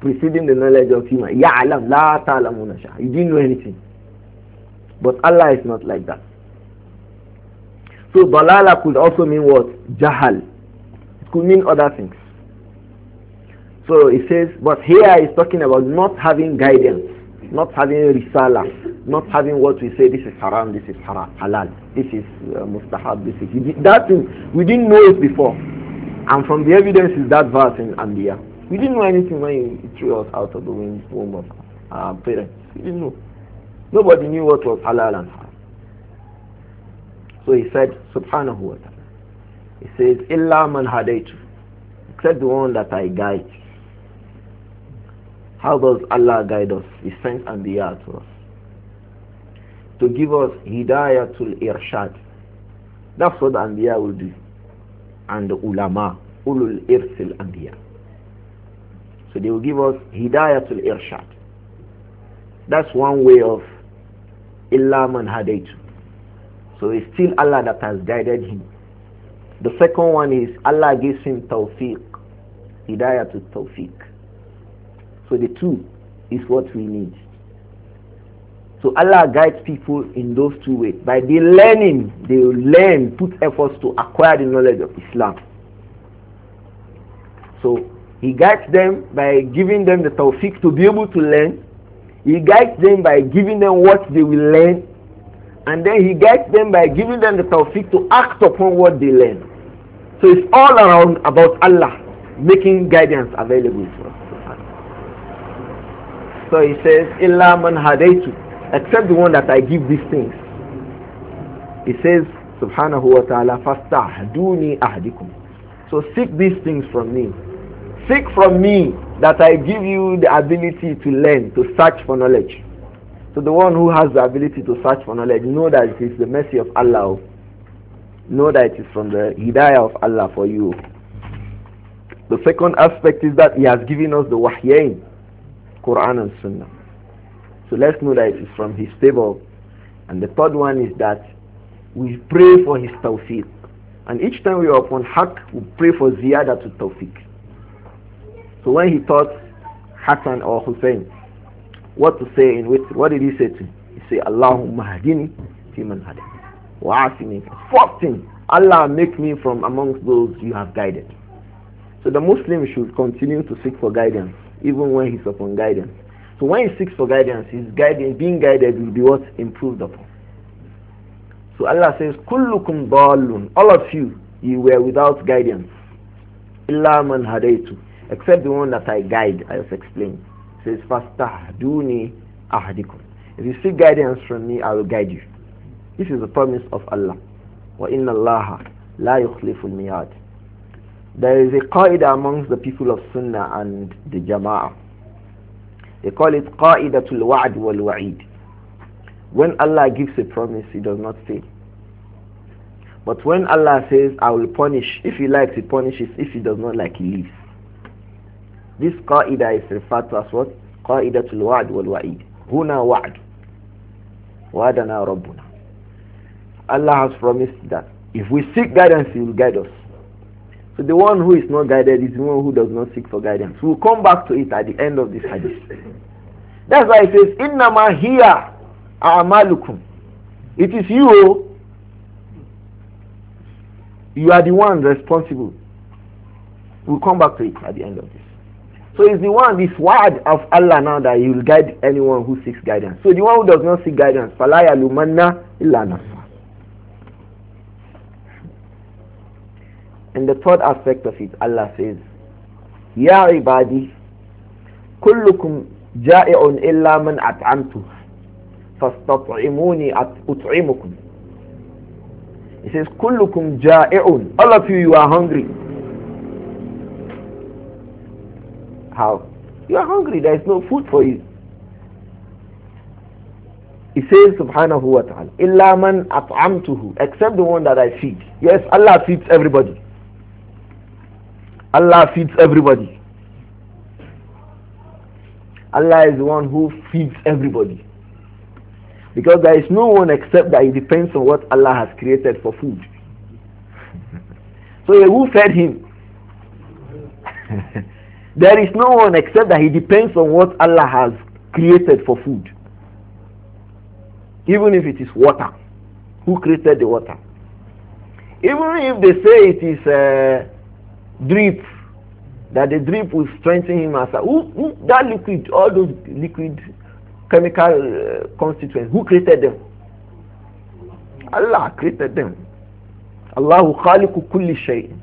preceding the knowledge of human. alam, la ta'lamuna شيئا. You didn't know anything. But Allah is not like that. So balala could also mean what? Jahal. It could mean other things. So it says, but here is talking about not having guidance, not having risala, not having what we say, this is haram, this is haram, halal, this is uh, mustahab, this is... That is, we didn't know it before. And from the evidence is that verse in Ambiya. We didn't know anything when he threw us out of the womb of our parents. We didn't know. Nobody knew what was halal and haram. So he said, Subhanahu wa ta'ala. He says, Illa man hadaytu. Except the one that I guide. How does Allah guide us? He sent Anbiya to us. To give us Hidayatul Irshad. That's what the Anbiya will do. And the ulama, ulul irsil Anbiya. So they will give us Hidayatul Irshad. That's one way of Illa man hadaytu so it's still Allah that has guided him. The second one is Allah gives him tawfiq, hidayah to tawfiq. So the two is what we need. So Allah guides people in those two ways. By the learning, they learn, put efforts to acquire the knowledge of Islam. So He guides them by giving them the tawfiq to be able to learn. He guides them by giving them what they will learn and then he guides them by giving them the tawfiq to act upon what they learn. So it's all around about Allah making guidance available to us. So he says, Illa man hadaytu, except the one that I give these things. He says, Subhanahu wa ta'ala, fastahduni ahdikum. So seek these things from me. Seek from me that I give you the ability to learn, to search for knowledge. So the one who has the ability to search for knowledge, know that it is the mercy of Allah. Oh. Know that it is from the hidayah of Allah for you. The second aspect is that He has given us the wahyain, Quran and Sunnah. So let's know that it is from His table. And the third one is that we pray for His tawfiq. And each time we are upon haqq, we pray for ziyada to tawfiq. So when he taught Hassan or Hussein, what to say in which? What did he say to him? He said, Allahumma hadini fiman hada. Wa asini. First thing, Allah make me from amongst those you have guided. So the Muslim should continue to seek for guidance, even when he's upon guidance. So when he seeks for guidance, his guidance, being guided will be what improved upon. So Allah says, "Kullukum dalun." All of you, you were without guidance. Illa man hadaitu, except the one that I guide, as explained says, Fastahduni ahdikum. If you seek guidance from me, I will guide you. This is the promise of Allah. inna Allah la يُخْلِفُ الْمِيَادِ There is a qaida amongst the people of Sunnah and the Jama'ah. They call it qaidatul wa'd wal wa'id. When Allah gives a promise, He does not fail. But when Allah says, I will punish, if He likes, He punishes. If He does not like, He leaves. This qaida is referred to as what? Qaidatul wa'd wal wa'id. Huna wa'd. Wa'dana rabbuna. Allah has promised that if we seek guidance, He will guide us. So the one who is not guided is the one who does not seek for guidance. We'll come back to it at the end of this hadith. That's why it says, Innama hiya amalukum. It is you. Oh. You are the one responsible. We'll come back to it at the end of this. So it's the one, this word of Allah now that he will guide anyone who seeks guidance. So the one who does not seek guidance, فَلَا يَلُمَنَّ إِلَّا And the third aspect of it, Allah says, يَا عِبَادِي كُلُّكُمْ جَائِعٌ إِلَّا مَنْ أَطْعَمْتُ فَاسْتَطْعِمُونِ أُطْعِمُكُمْ He says, كُلُّكُمْ جَائِعٌ All of you, you are hungry. You are hungry. There is no food for you. He says, subhanahu wa ta'ala, illa man at'amtuhu, except the one that I feed. Yes, Allah feeds everybody. Allah feeds everybody. Allah is the one who feeds everybody. Because there is no one except that he depends on what Allah has created for food. So who fed him? There is no one except that he depends on what Allah has created for food. Even if it is water. Who created the water? Even if they say it is a uh, drip, that the drip will strengthen him as a, who, who, that liquid, all those liquid chemical uh, constituents, who created them? Allah created them. Allahu khaliqu kulli shayin,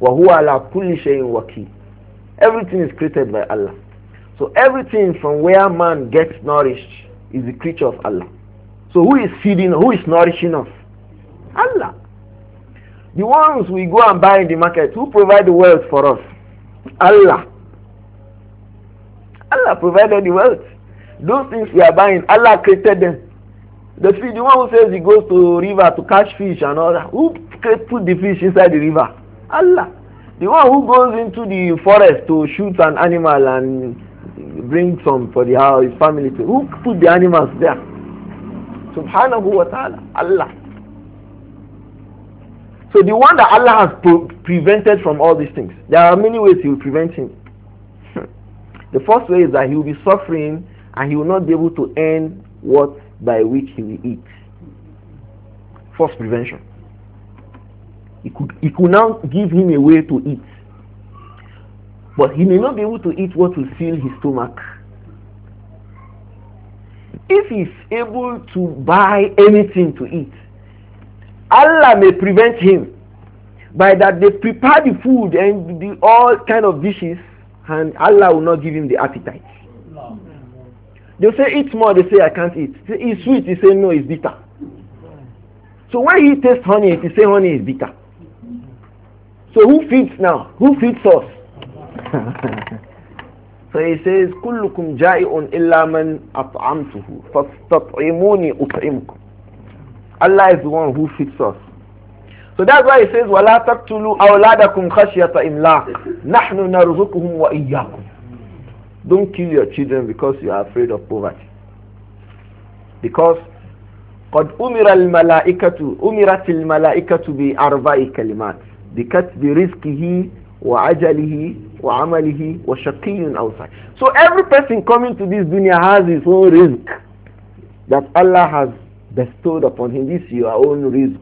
wa huwa ala kulli shay'in wakil. Everything is created by Allah. So everything from where man gets nourished is the creature of Allah. So who is feeding, who is nourishing us? Allah. The ones we go and buy in the market, who provide the wealth for us? Allah. Allah provided the wealth. Those things we are buying, Allah created them. The fish, the one who says he goes to river to catch fish and all that, who put the fish inside the river? Allah. The one who goes into the forest to shoot an animal and bring some for the house, his family, to, who put the animals there? Subhanahu wa ta'ala, Allah. So the one that Allah has prevented from all these things, there are many ways he will prevent him. the first way is that he will be suffering and he will not be able to earn what by which he will eat. First prevention. He could, he could now give him a way to eat. But he may not be able to eat what will fill his stomach. If he's able to buy anything to eat, Allah may prevent him by that they prepare the food and the, all kind of dishes and Allah will not give him the appetite. They say eat more, they say I can't eat. Say, it's sweet, They say no, it's bitter. So when he tastes honey, he say honey is bitter. So who feeds now? Who feeds us? so he says, كلكم جائع إلا من أطعمته فاستطعموني أطعمكم. Allah is the one who feeds us. So that's why he says, وَلَا تَقْتُلُوا أَوْلَادَكُمْ خَشْيَةَ إِمْلَاقٍ نَحْنُ نَرْزُقُهُمْ وَإِيَّاكُمْ Don't kill your children because you are afraid of poverty. Because قد أمر الملائكة أمرت الملائكة بأربع كلمات بِكَتْبِ رِزْقِهِ وَعَجَلِهِ وَعَمَلِهِ وَشَقِيٌّ outside. So every person coming to this dunya has his own risk that Allah has bestowed upon him. This is your own risk.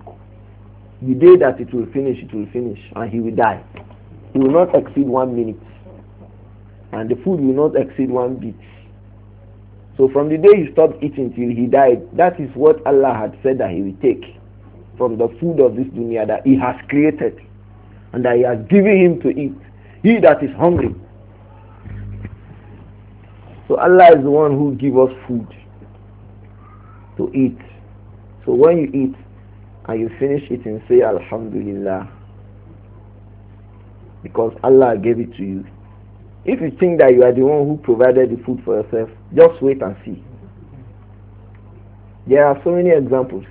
The day that it will finish, it will finish and he will die. He will not exceed one minute. And the food will not exceed one bit. So from the day he stopped eating till he died, that is what Allah had said that he will take from the food of this dunya that he has created and that he has given him to eat. He that is hungry. So Allah is the one who gives us food to eat. So when you eat and you finish eating, say Alhamdulillah. Because Allah gave it to you. If you think that you are the one who provided the food for yourself, just wait and see. There are so many examples.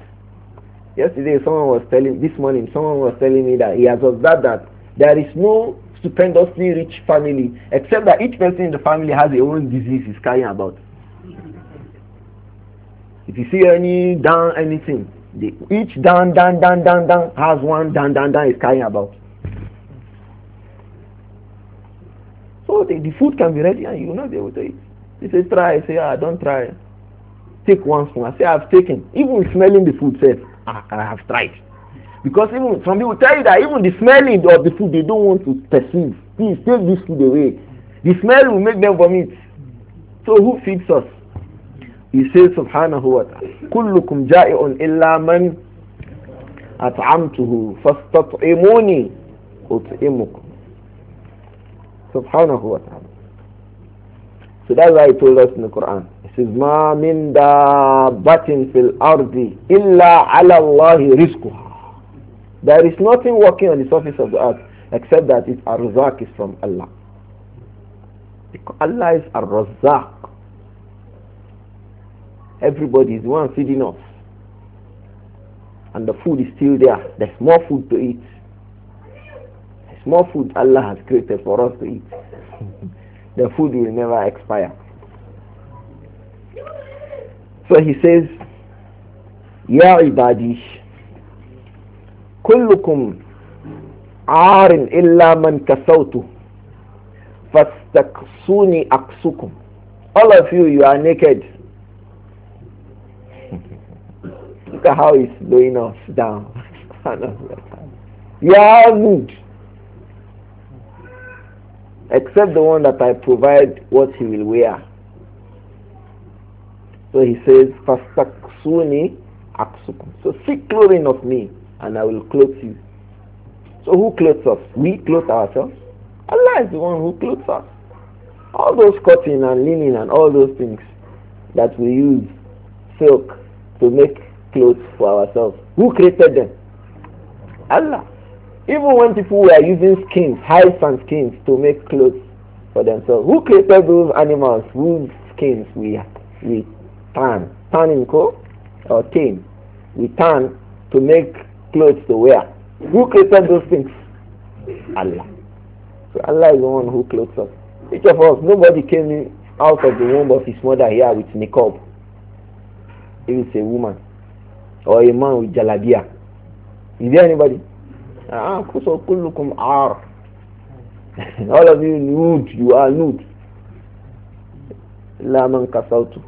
Yesterday someone was telling, this morning someone was telling me that he has observed that there is no stupendously rich family except that each person in the family has their own disease he's carrying about. If you see any down anything, the, each down, down, down, down, down has one down, down, down is carrying about. So the, the food can be ready and you will not be able to eat. He says, try. I say, ah, don't try. Take one spoon. I say, I've taken. Even smelling the food says. Ah, I have tried. Because even some people tell you that even the smelling of the food they don't want to perceive. Please take this food away. The smell will make them vomit. So who feeds us? He says subhanahu wa ta'ala, كلكم جائع إلا من أطعمته فاستطعموني أطعمكم. Subhanahu wa ta'ala. So that's why he told us in the Quran. It says, مَا مِن دَابَّةٍ فِي الْأَرْضِ إِلَّا عَلَى اللَّهِ There is nothing working on the surface of the earth except that its arzak is from Allah. Because Allah is arzak. Everybody is the one feeding us. And the food is still there. There's more food to eat. There's more food Allah has created for us to eat. the food will never expire. So he says, يا عبادي كلكم عار إلا من كسوته فاستقصوني aksukum." All of you, you are naked. Look at how he's blowing us down. you are nude. Except the one that I provide what he will wear. So he says, Fastaksuni aksukum. So seek clothing of me and I will clothe you. So who clothes us? We clothe ourselves. Allah is the one who clothes us. All those cotton and linen and all those things that we use, silk, to make clothes for ourselves. Who created them? Allah. Even when people were using skins, hides and skins to make clothes for themselves, who created those animals whose skins we, we tan. Tanning ko? Or team. We tan to make clothes to wear. Who created those things? Allah. So Allah is the one who clothes us. Each of us, nobody came out of the womb of his mother here with niqab. If it's a woman or a man with jalabia. Is there anybody? Ah, ar. All of you nude, you are nude. La kasautu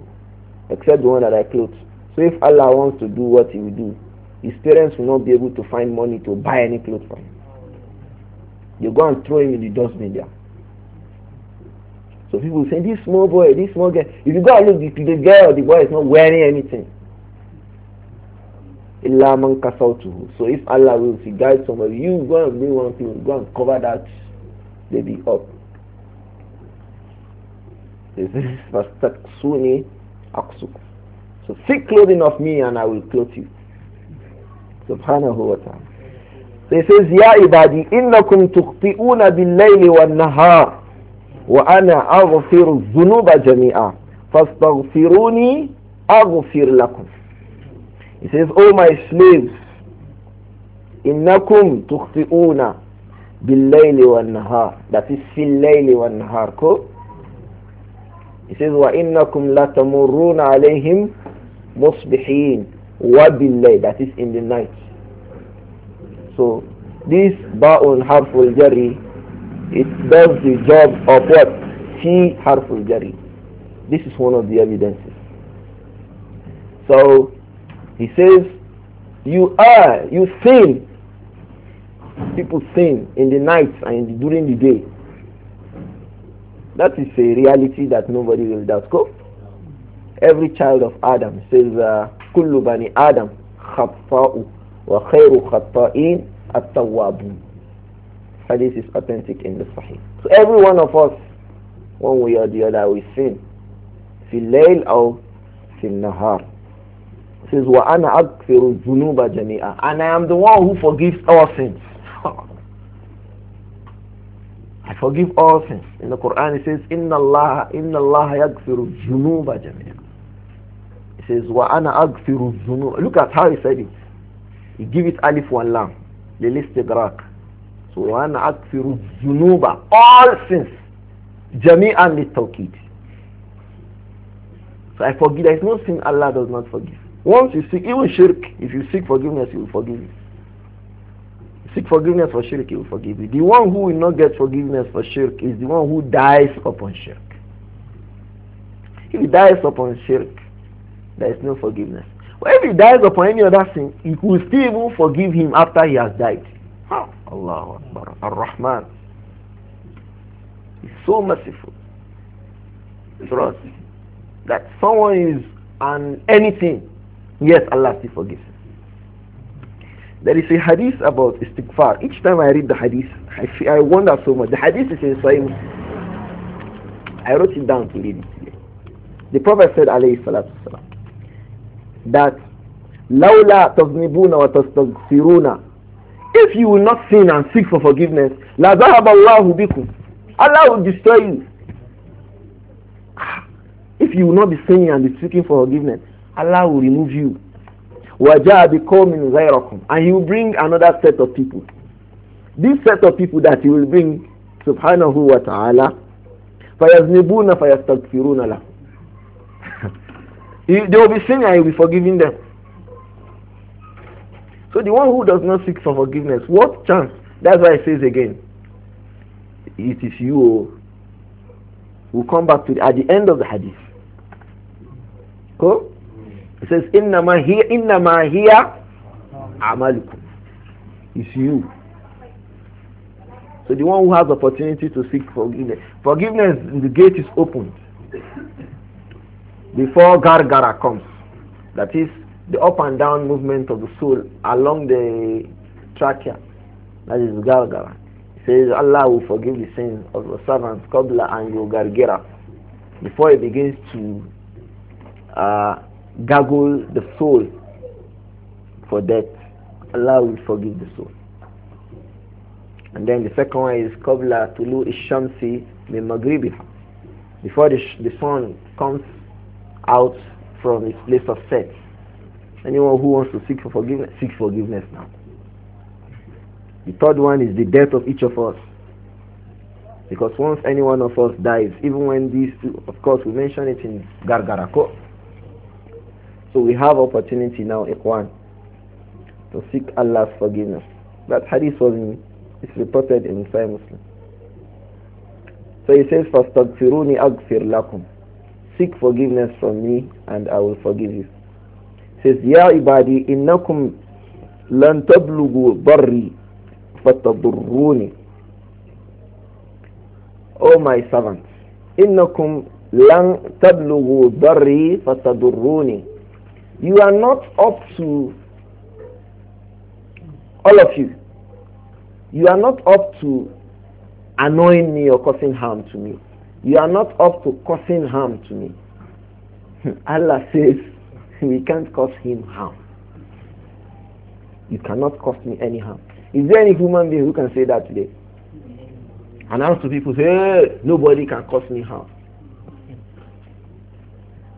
except the one that I clothe. So if Allah wants to do what he will do, his parents will not be able to find money to buy any clothes for him. You go and throw him in the dustbin there. So people say, this small boy, this small girl. If you go and look, the, the girl or the boy is not wearing anything. So if Allah will see guide somebody, you go and bring one thing, go and cover that baby up. This is so seek clothing of me and I will clothe you. Subhanahu wa ta'ala. So he says, Ya ibadi, innakum kum bil-layli wal-nahar wa ana aghfiru dhunuba jami'a fastaghfiruni aghfir lakum. He says, Oh my slaves, innakum kum bil-layli wal-nahar. That is fil-layli wal-nahar. He says, وَإِنَّكُمْ لَتَمُرُّونَ عَلَيْهِمْ مُصْبِحِينَ وَبِاللَّيْ That is in the night. So this ba'un harful jari, it does the job of what? Fi harful jari. This is one of the evidences. So he says, you are, you sin. People sin in the night and during the day. That is a reality that nobody will doubt. Go. Every child of Adam says, uh, "Kullu bani Adam khata'u wa khairu khatta'in at-tawwabun." Hadith is authentic in the Sahih. So every one of us, one way or the other, we sin. في الليل أو في النهار. says, "Wa ana akfiru dhunuba jami'a," and I am the one who forgives our sins. I forgive all sins. In the Quran it says, Inna Allah, Inna Allah yagfiru zunuba jamia. It says, Wa ana agfiru zunuba. Look at how he said it. He give it alif wa lam. Lilistigrak. So, Wa ana agfiru zunuba. All sins. Jami'an litawqid. So I forgive. There is no sin Allah does not forgive. Once you seek, even shirk, if you seek forgiveness, He will forgive you. Seek forgiveness for shirk, he will forgive you. The one who will not get forgiveness for shirk is the one who dies upon shirk. If he dies upon shirk, there is no forgiveness. But if he dies upon any other sin, he will still even forgive him after he has died. Allah Akbar. Ar-Rahman. He's so merciful. Trust that someone is on anything. Yes, Allah still forgives there is a hadith about istighfar. Each time I read the hadith, I, feel, I wonder so much. The hadith is in Sahih I wrote it down to read it today. The Prophet said, alayhi salatu salam, that لَوْلَا تَذْنِبُونَ وَتَسْتَغْفِرُونَ If you will not sin and seek for forgiveness, لَذَهَبَ اللَّهُ بِكُمْ Allah will destroy you. Ah, if you will not be sinning and be seeking for forgiveness, Allah will remove you. وَجَاءَ بِقَوْمٍ غَيْرَكُمْ And he will bring another set of people. This set of people that he will bring, subhanahu wa ta'ala, They will be sinning and he will be forgiving them. So the one who does not seek for forgiveness, what chance? That's why it says again, it is you who oh. will come back to the, at the end of the hadith. Cool? It says, here, in nama hiya amalikum. It's you. So the one who has opportunity to seek forgiveness. Forgiveness, the gate is opened before gargara comes. That is the up and down movement of the soul along the trachea. That is gargara. It says Allah will forgive the sins of the servants, Qabla and your gargara. Before it begins to uh, gargle the soul for death. Allah will forgive the soul. And then the second one is Qabla Tulu Ishamsi min Maghribiha. Before the, the sun comes out from its place of set. Anyone who wants to seek for forgiveness, seek forgiveness now. The third one is the death of each of us. Because once any one of us dies, even when these two, of course, we mention it in Gargarako, so we have opportunity now, Ikhwan, to seek Allah's forgiveness. That hadith was in, it's reported in Sahih Muslim. So he says, فَاسْتَغْفِرُونِ أَغْفِرْ لَكُمْ Seek forgiveness from me and I will forgive you. He says, يَا عِبَادِي إِنَّكُمْ لَن تَبْلُغُوا ضَرِّي فَتَضُرُّونِ O my servants, إِنَّكُمْ لَن تَبْلُغُوا ضَرِّي فَتَضُرُّونِ you are not up to all of you. You are not up to annoying me or causing harm to me. You are not up to causing harm to me. Allah says we can't cause him harm. You cannot cause me any harm. Is there any human being who can say that today? And also people say, hey, nobody can cause me harm.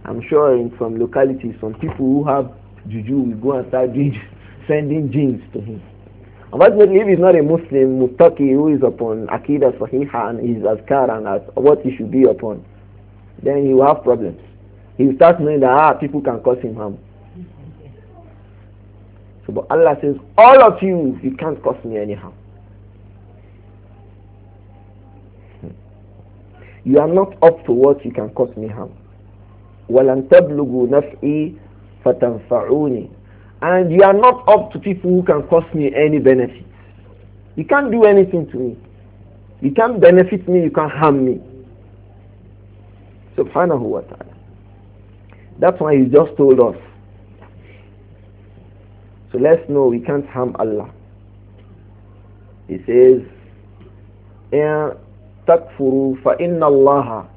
I'm sure in some localities, some people who have juju will go and start doing, sending jeans to him. Unfortunately, if he's not a Muslim, Muttaki, who is upon Akida Sahiha and his Azkar and as, what he should be upon, then he will have problems. He will start knowing that ah, people can cause him harm. So, but Allah says, all of you, you can't cause me any harm. Hmm. You are not up to what you can cause me harm. وَلَن تَبْلُغُوا نَفْعِي فَتَنْفَعُونِ And you are not up to people who can cost me any benefit. You can't do anything to me. You can't benefit me, you can't harm me. Subhanahu wa ta'ala. That's why he just told us. So let's know we can't harm Allah. He says, تَكْفُرُوا فَإِنَّ اللَّهَ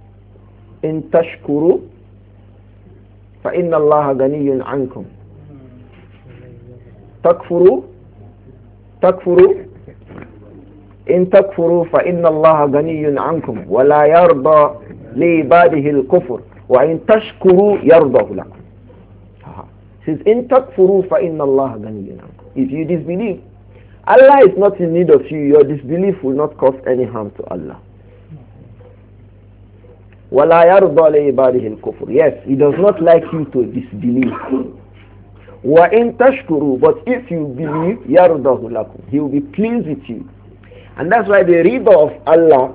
إِن تَشْكُرُوا فإن الله غني عنكم تكفروا تكفروا إن تكفروا فإن الله غني عنكم ولا يرضى لعباده الكفر وإن تشكروا يرضه لكم says in takfuru fa inna Allah ghaniyun if you disbelieve Allah is not in need of you your disbelief will not cause any harm to Allah وَلَا يَرْضَ لِعِبَادِهِ الْكُفْرِ Yes, he does not like you to disbelieve. وَإِن تَشْكُرُوا But if you believe, يَرْضَهُ لَكُمْ He will be pleased with you. And that's why the riba of Allah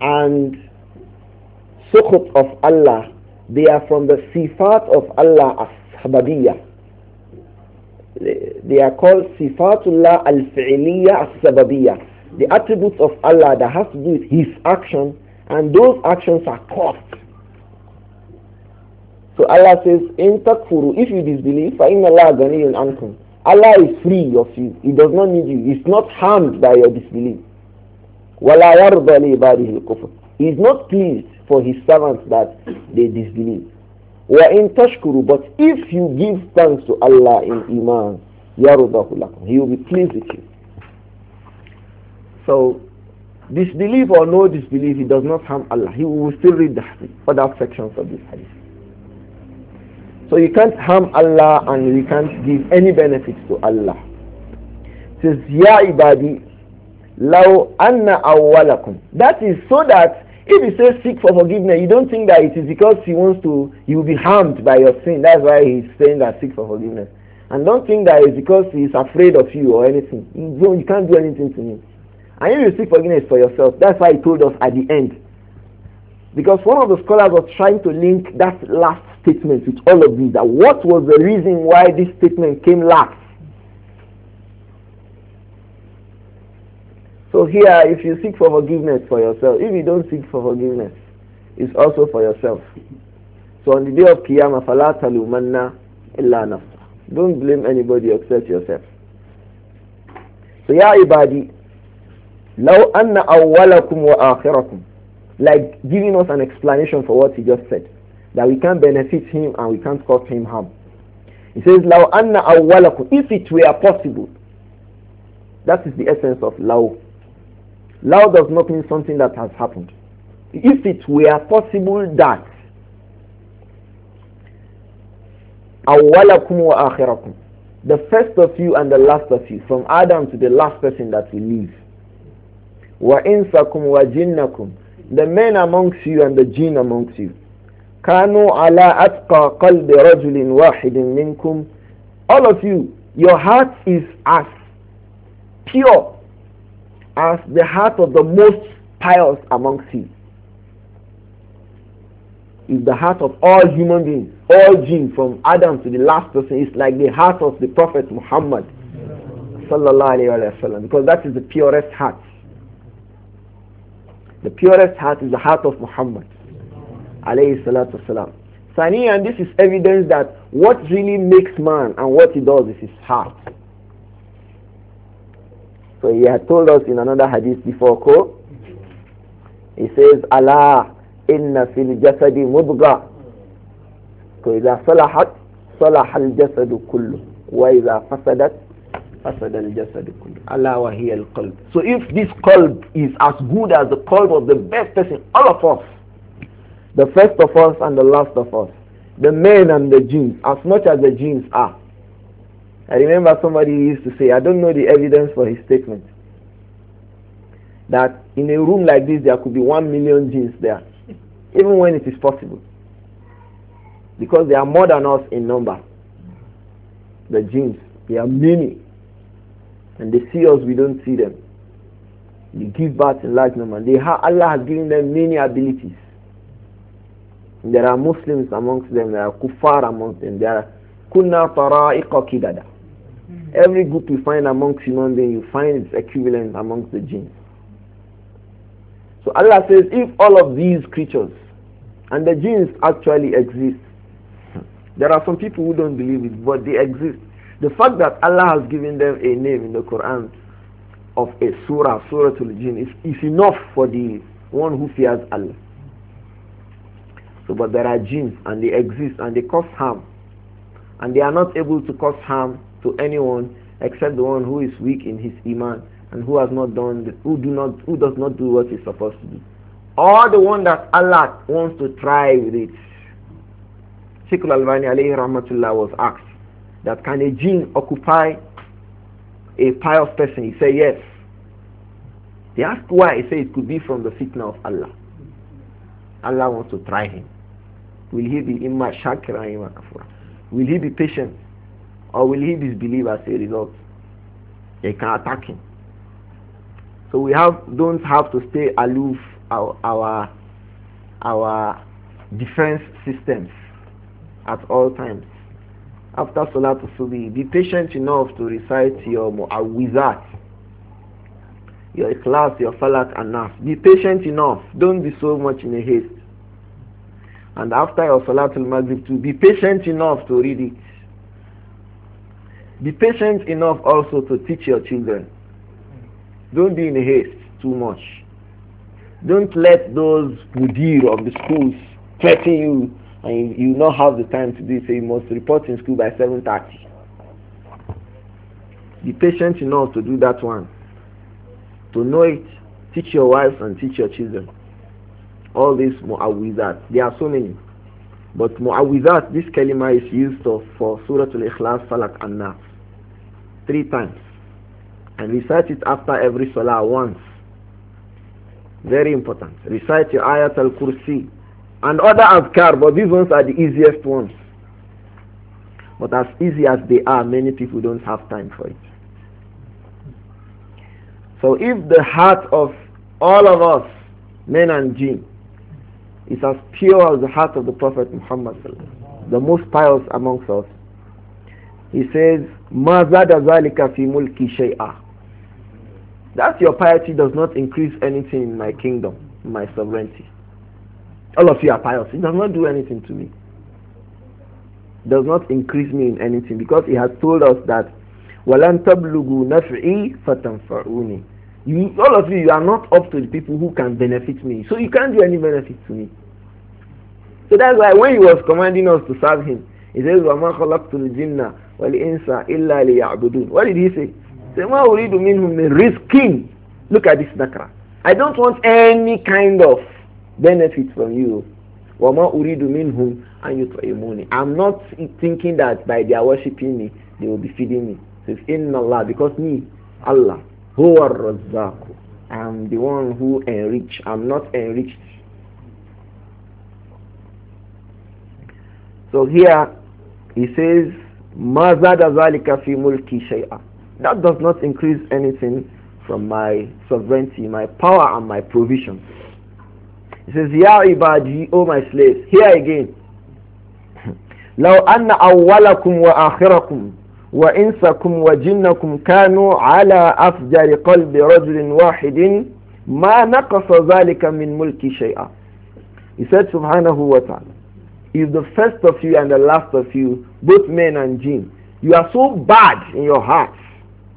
and sukhut of Allah, they are from the sifat of Allah as-sababiyah. They are called sifatullah al-fi'liyah as-sababiyah. The attributes of Allah that has to do with his action and those actions are cursed. So Allah says, In takfuru, if you disbelieve, فَإِنَّ Allah, غَنِيٌّ عَنْكُمْ Allah is free of you. He does not need you. He's not harmed by your disbelief. وَلَا يَرْضَ لِعِبَادِهِ الْكُفْرِ He is not pleased for his servants that they disbelieve. وَإِن تَشْكُرُ But if you give thanks to Allah in iman, He will be pleased with you. So Disbelief or no disbelief, he does not harm Allah. He will still read the hadith, other sections of this hadith. So you can't harm Allah and you can't give any benefit to Allah. It says, Ya ibadi, law anna awwalakum. That is so that if he says seek for forgiveness, you don't think that it is because he wants to, you will be harmed by your sin. That's why he's saying that seek for forgiveness. And don't think that it's because he's afraid of you or anything. You, you can't do anything to me. And you will seek forgiveness for yourself. That's why he told us at the end. Because one of the scholars was trying to link that last statement with all of these. That what was the reason why this statement came last? So here, if you seek for forgiveness for yourself, if you don't seek for forgiveness, it's also for yourself. So on the day of Qiyamah, فَلَا تَلُومَنَّا إِلَّا نَفْسَ Don't blame anybody except yourself. So ya ibadi, لو أن أولكم وآخركم like giving us an explanation for what he just said that we can benefit him and we can't cause him harm he says لو Anna أولكم if it were possible that is the essence of law law does not mean something that has happened if it were possible that awalakum wa akhirakum the first of you and the last of you from adam to the last person that will live wa jinnakum. The men amongst you and the jinn amongst you. كَانُوا عَلَىٰ أَتْقَى قَلْبِ رَجُلٍ وَاحِدٍ minkum. All of you, your heart is as pure as the heart of the most pious amongst you. If the heart of all human beings, all jinn from Adam to the last person is like the heart of the Prophet Muhammad sallallahu alaihi wasallam, because that is the purest heart. The purest heart is the heart of Muhammad. Alayhi salatu wasalam. Sani, and this is evidence that what really makes man and what he does is his heart. So he had told us in another hadith before, Ko, he says, Allah, inna fil jasadi mudga. So إذا صلحت jasadu kullu, wa وإذا fasadat so if this qalb is as good as the qalb of the best person all of us the first of us and the last of us the men and the jinns as much as the jinns are I remember somebody used to say I don't know the evidence for his statement that in a room like this there could be one million jinns there even when it is possible because they are more than us in number the jinns they are many and they see us, we don't see them. They give birth in large number. They ha- Allah has given them many abilities. And there are Muslims amongst them, there are kuffar amongst them, there are kunna tara'iqa kidada. Every group you find amongst human beings, you find its equivalent amongst the jinn. So Allah says, if all of these creatures, and the jinns actually exist, there are some people who don't believe it, but they exist. The fact that Allah has given them a name in the Quran of a surah, Surah Al-Jinn, is, is enough for the one who fears Allah. So, but there are jinns and they exist and they cause harm. And they are not able to cause harm to anyone except the one who is weak in his iman and who has not done, the, who do not, who does not do what he's supposed to do. Or the one that Allah wants to try with it. Sheikh Al-Albani alayhi rahmatullah was asked that can a jinn occupy a pious person? He said, yes. They asked why. He said, it could be from the fitna of Allah. Allah wants to try him. Will he be imma shakira imma kafura? Will he be patient? Or will he disbelieve as a result? They can attack him. So we have don't have to stay aloof our our, our defense systems at all times after Salatul Subi, be patient enough to recite your Mu'awwizat, your Ikhlas, your Salat and Be patient enough. Don't be so much in a haste. And after your Salatul Maghrib too, be patient enough to read it. Be patient enough also to teach your children. Don't be in a haste too much. Don't let those mudir of the schools threaten you and you, not have the time to do it, so you must report in school by 7.30. Be patient enough to do that one. To know it, teach your wives and teach your children. All these mu'awizat, there are so many. But mu'awizat, this kalima is used for Surah Al-Ikhlas, Falak and Nas. Three times. And recite it after every salah once. Very important. Recite your ayat al-kursi and other adhkar, but these ones are the easiest ones. But as easy as they are, many people don't have time for it. So if the heart of all of us, men and jinn, is as pure as the heart of the Prophet Muhammad, the most pious amongst us, he says, zalika fi mulki That your piety does not increase anything in my kingdom, my sovereignty. All of you are pious. He does not do anything to me. Does not increase me in anything because he has told us that وَلَن تَبْلُغُوا نَفْعِي you, all of you, you are not up to the people who can benefit me. So you can't do any benefit to me. So that's why when he was commanding us to serve him, he says, وَمَا خَلَقْتُ الْجِنَّ وَالْإِنسَ إِلَّا لِيَعْبُدُونَ What did he say? He said, مَا أُرِيدُ مِنْهُمْ مِنْ رِزْقٍ Look at this nakra. I don't want any kind of benefit from you. وَمَا أُرِيدُ مِنْهُمْ أَنْ يُطْعِمُونِ I'm not thinking that by their worshipping me, they will be feeding me. It's in Allah Because me, Allah, are الرزاق الرَّزَّاقُ I'm the one who enrich. I'm not enriched. So here, he says, مَازَادَ ذَلِكَ فِي مُلْكِ That does not increase anything from my sovereignty, my power and my provision. He says, Ya ibadi, O my slaves. Here again. لو أن أولكم وآخركم وإنسكم وجنكم كانوا على أفجر قلب رجل واحد ما نقص ذلك من ملك شيئا. He said subhanahu wa ta'ala, if the first of you and the last of you, both men and jinn, you are so bad in your hearts,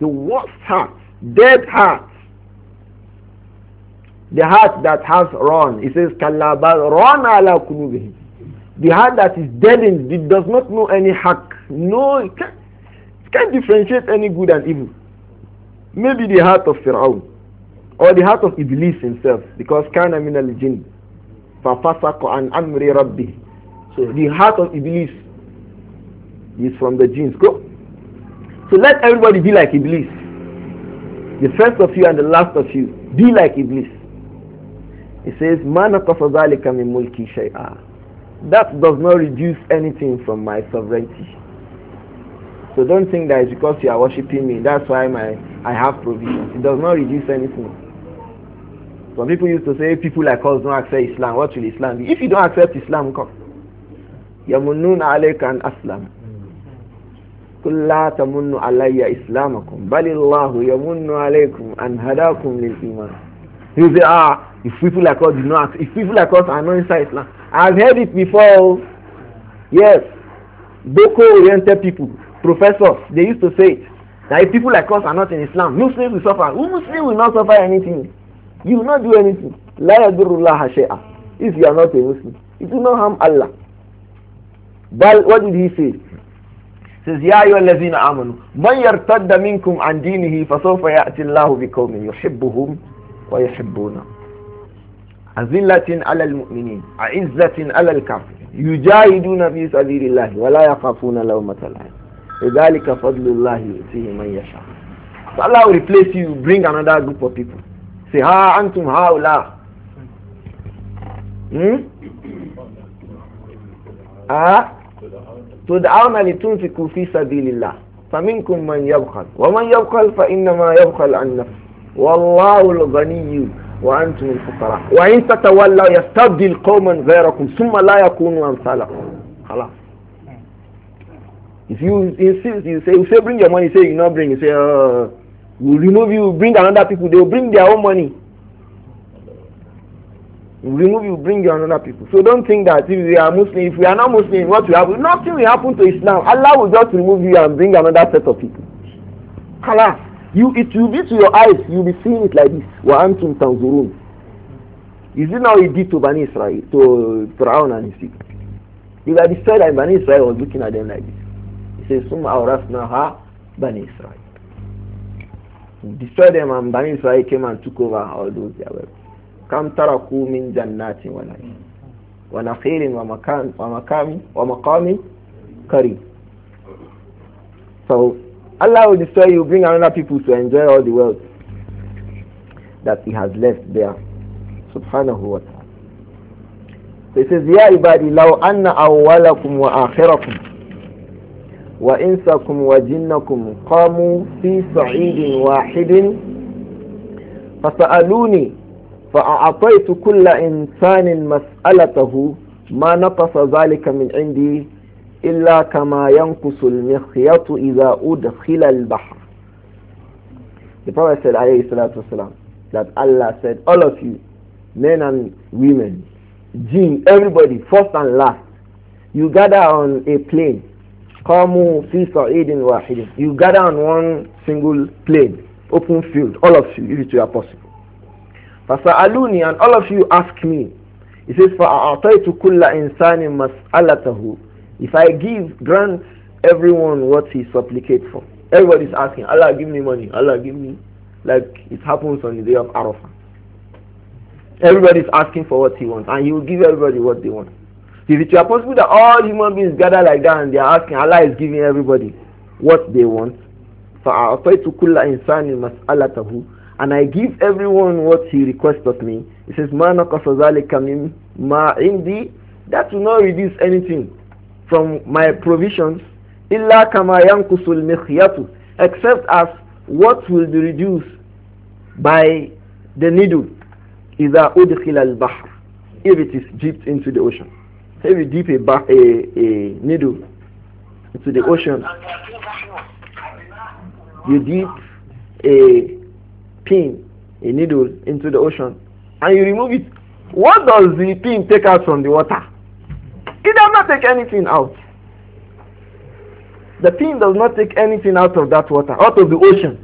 the worst heart, dead heart, the heart that has run, it says, Kalabal run ala kunubihim. The heart that is deadened, it does not know any haq. No, it can't, it can't differentiate any good and evil. Maybe the heart of Fir'aun, or the heart of Iblis himself, because kana min al-jinn, fafasaqa an amri rabbi. So the heart of Iblis is from the jinns. Go. So let everybody be like Iblis. The first of you and the last of you. Be like Iblis. It says, Man ذَلِكَ mulki مُلْكِ That does not reduce anything from my sovereignty. So don't think that it's because you are worshipping me, that's why my I have provisions. It does not reduce anything. Some people used to say, people like us don't accept Islam. What will Islam be? If you don't accept Islam, come. يَمُنُّونَ عَلَيْكَ أَنْ أَسْلَمُ قُلْ لَا تَمُنُّ عَلَيَّ إِسْلَامَكُمْ بَلِ اللَّهُ يَمُنُّ عَلَيْكُمْ أَنْ هَدَاكُمْ لِلْإِيمَانِ you say, ah, if people like us do not, if people like us are not inside Islam. I've heard it before. Oh. Yes. Boko-oriented people, professors, they used to say it. That if people like us are not in Islam, Muslims will suffer. Who Muslims will not suffer anything. You will not do anything. La yadurullah shay'a. If you are not a Muslim. It will not harm Allah. But what did he say? says ya ayyuhallazina amanu man yartadda minkum an dinihi fasawfa ya'ti Allahu biqaumin yuhibbuhum ويحبون أزلة على المؤمنين عزة على الكافر يجاهدون في سبيل الله ولا يخافون لومة لائم لذلك فضل الله يؤتيه من يشاء So Allah will replace you, bring another group of people. Say, ha antum haula. Hmm? Ah? تدعون لتنفقوا في سبيل الله فمنكم من يبخل ومن يبخل فإنما يبخل عن نفسه والله الغني وأنتم الفقراء وإن تتولوا يستبدل قوما غيركم ثم لا يكونوا أمثالكم خلاص If you insist, you say, you say bring your money, you say you not bring, you say uh, we'll remove you, we bring another people, they'll bring their own money. We'll remove you, bring you another people. So don't think that if we are Muslim, if we are not Muslim, what will happen? Nothing will happen to Islam. Allah will just remove you and bring another set of people. Khalas. You, it will be to your eyes, you'll be seeing it like this. hunting تَنْظُرُونَ Is it now he did to Bani Israel, to Pharaoh and his people? You got destroyed and Bani Israel was looking at them like this. He says, ثُمَّ ha, Bani Israel. He destroyed them and Bani Israel came and took over all those their wealth. كَمْ تَرَكُوا مِنْ جَنَّاتٍ وَنَعِيمٍ وَنَخِيلٍ وَمَقَامٍ وَمَقَامٍ kari. So Allah will destroy you, bring another people to enjoy all the wealth that He has left there. Subhanahu wa ta'ala. So he says, Ya ibadi, law anna awwalakum wa akhirakum wa insakum wa jinnakum qamu fi sa'idin wahidin fasa'aluni فأعطيت كل إنسان مسألته ما نقص ذلك من عندي إلا كما ينقص المخيط إذا أدخل البحر The Prophet said عليه الصلاة والسلام that Allah said all of you men and women jinn everybody first and last you gather on a plane قاموا في صعيد واحد you gather on one single plane open field all of you if it were possible فسألوني and all of you ask me He says, فَأَعْطَيْتُ كُلَّ إِنسَانٍ مَسْأَلَتَهُ if I give, grant everyone what he supplicates for. Everybody's asking, Allah give me money, Allah give me. Like it happens on the day of Arafah. Everybody's asking for what he wants and he will give everybody what they want. If it were possible that all human beings gather like that and they are asking, Allah is giving everybody what they want. فَأَعْطَيْتُ كُلَّ إِنسَانٍ مَسْأَلَتَهُ And I give everyone what he requests of me. He says, مَا نَقَصَ ذَلِكَ مِمَّا عِنْدِي That will not reduce anything from my provisions illa kama yankusul mikhyatu except as what will be reduced by the needle idha udkhila al-bahr if it is dipped into the ocean if you dip a, a, a needle into the ocean you dip a pin a needle into the ocean and you remove it what does the pin take out from the water it does not take anything out. The thing does not take anything out of that water, out of the ocean.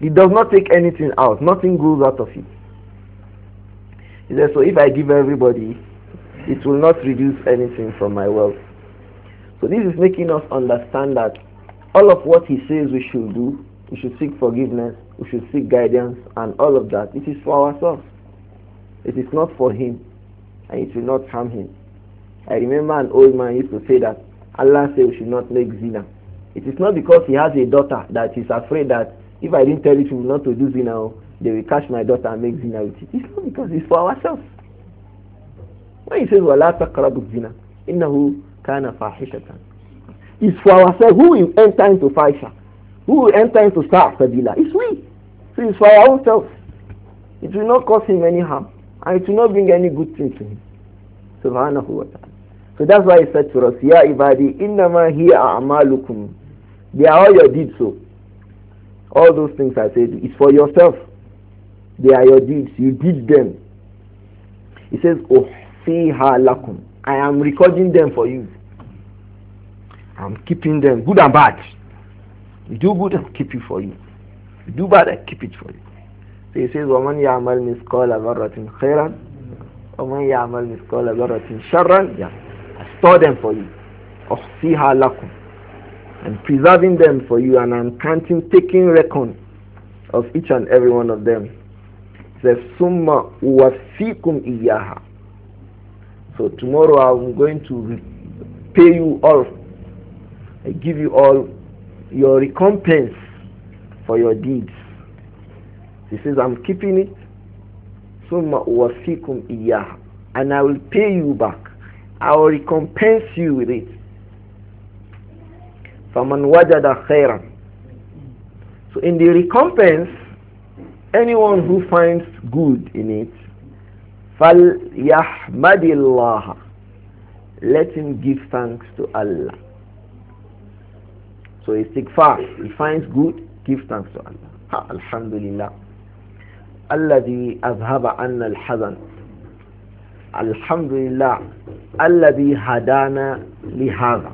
It does not take anything out. Nothing goes out of it. He says, so if I give everybody, it will not reduce anything from my wealth. So this is making us understand that all of what he says we should do, we should seek forgiveness, we should seek guidance, and all of that, it is for ourselves. It is not for him and it will not harm him. I remember an old man used to say that Allah said we should not make zina. It is not because he has a daughter that he's afraid that if I didn't tell it him not to do zina, oh, they will catch my daughter and make zina with it. It's not because it's for ourselves. When he says wala taqrabu zina, innahu kana fahishatan. It's for ourselves. Who will enter into fahisha? Who will enter into sa'fadila? It's we. So it's for ourselves. It will not cause him any harm. And it will not bring any good thing to him. Subhanahu wa ta'ala. So that's why he said to us, Ya ibadi, innama hiya a'malukum. They are all your deeds so. All those things I said, it's for yourself. They are your deeds. You did them. He says, Uhsiha lakum. I am recording them for you. I'm keeping them, good and bad. You do good, I keep it for you. You do bad, I keep it for you. So he says, وَمَنْ يَعْمَلْ مِثْقَالَ ذَرَّةٍ خَيْرًا وَمَنْ يَعْمَلْ مِثْقَالَ ذَرَّةٍ شَرًّا yeah. I store them for you. أُحْصِيهَا لَكُمْ I'm preserving them for you and I'm counting, taking record of each and every one of them. He says, ثُمَّ أُوَفِّيكُمْ إِيَّاهَا So tomorrow I'm going to pay you all. I give you all your recompense for your deeds. He says, I'm keeping it. Summa uwafikum iyaha. And I will pay you back. I will recompense you with it. فَمَنْ وَجَدَ خَيْرًا So in the recompense, anyone who finds good in it, فَلْيَحْمَدِ اللَّهَ Let him give thanks to Allah. So he fast. he finds good, give thanks to Allah. Ha, alhamdulillah. الذي أذهب عنا الحزن الحمد لله الذي هدانا لهذا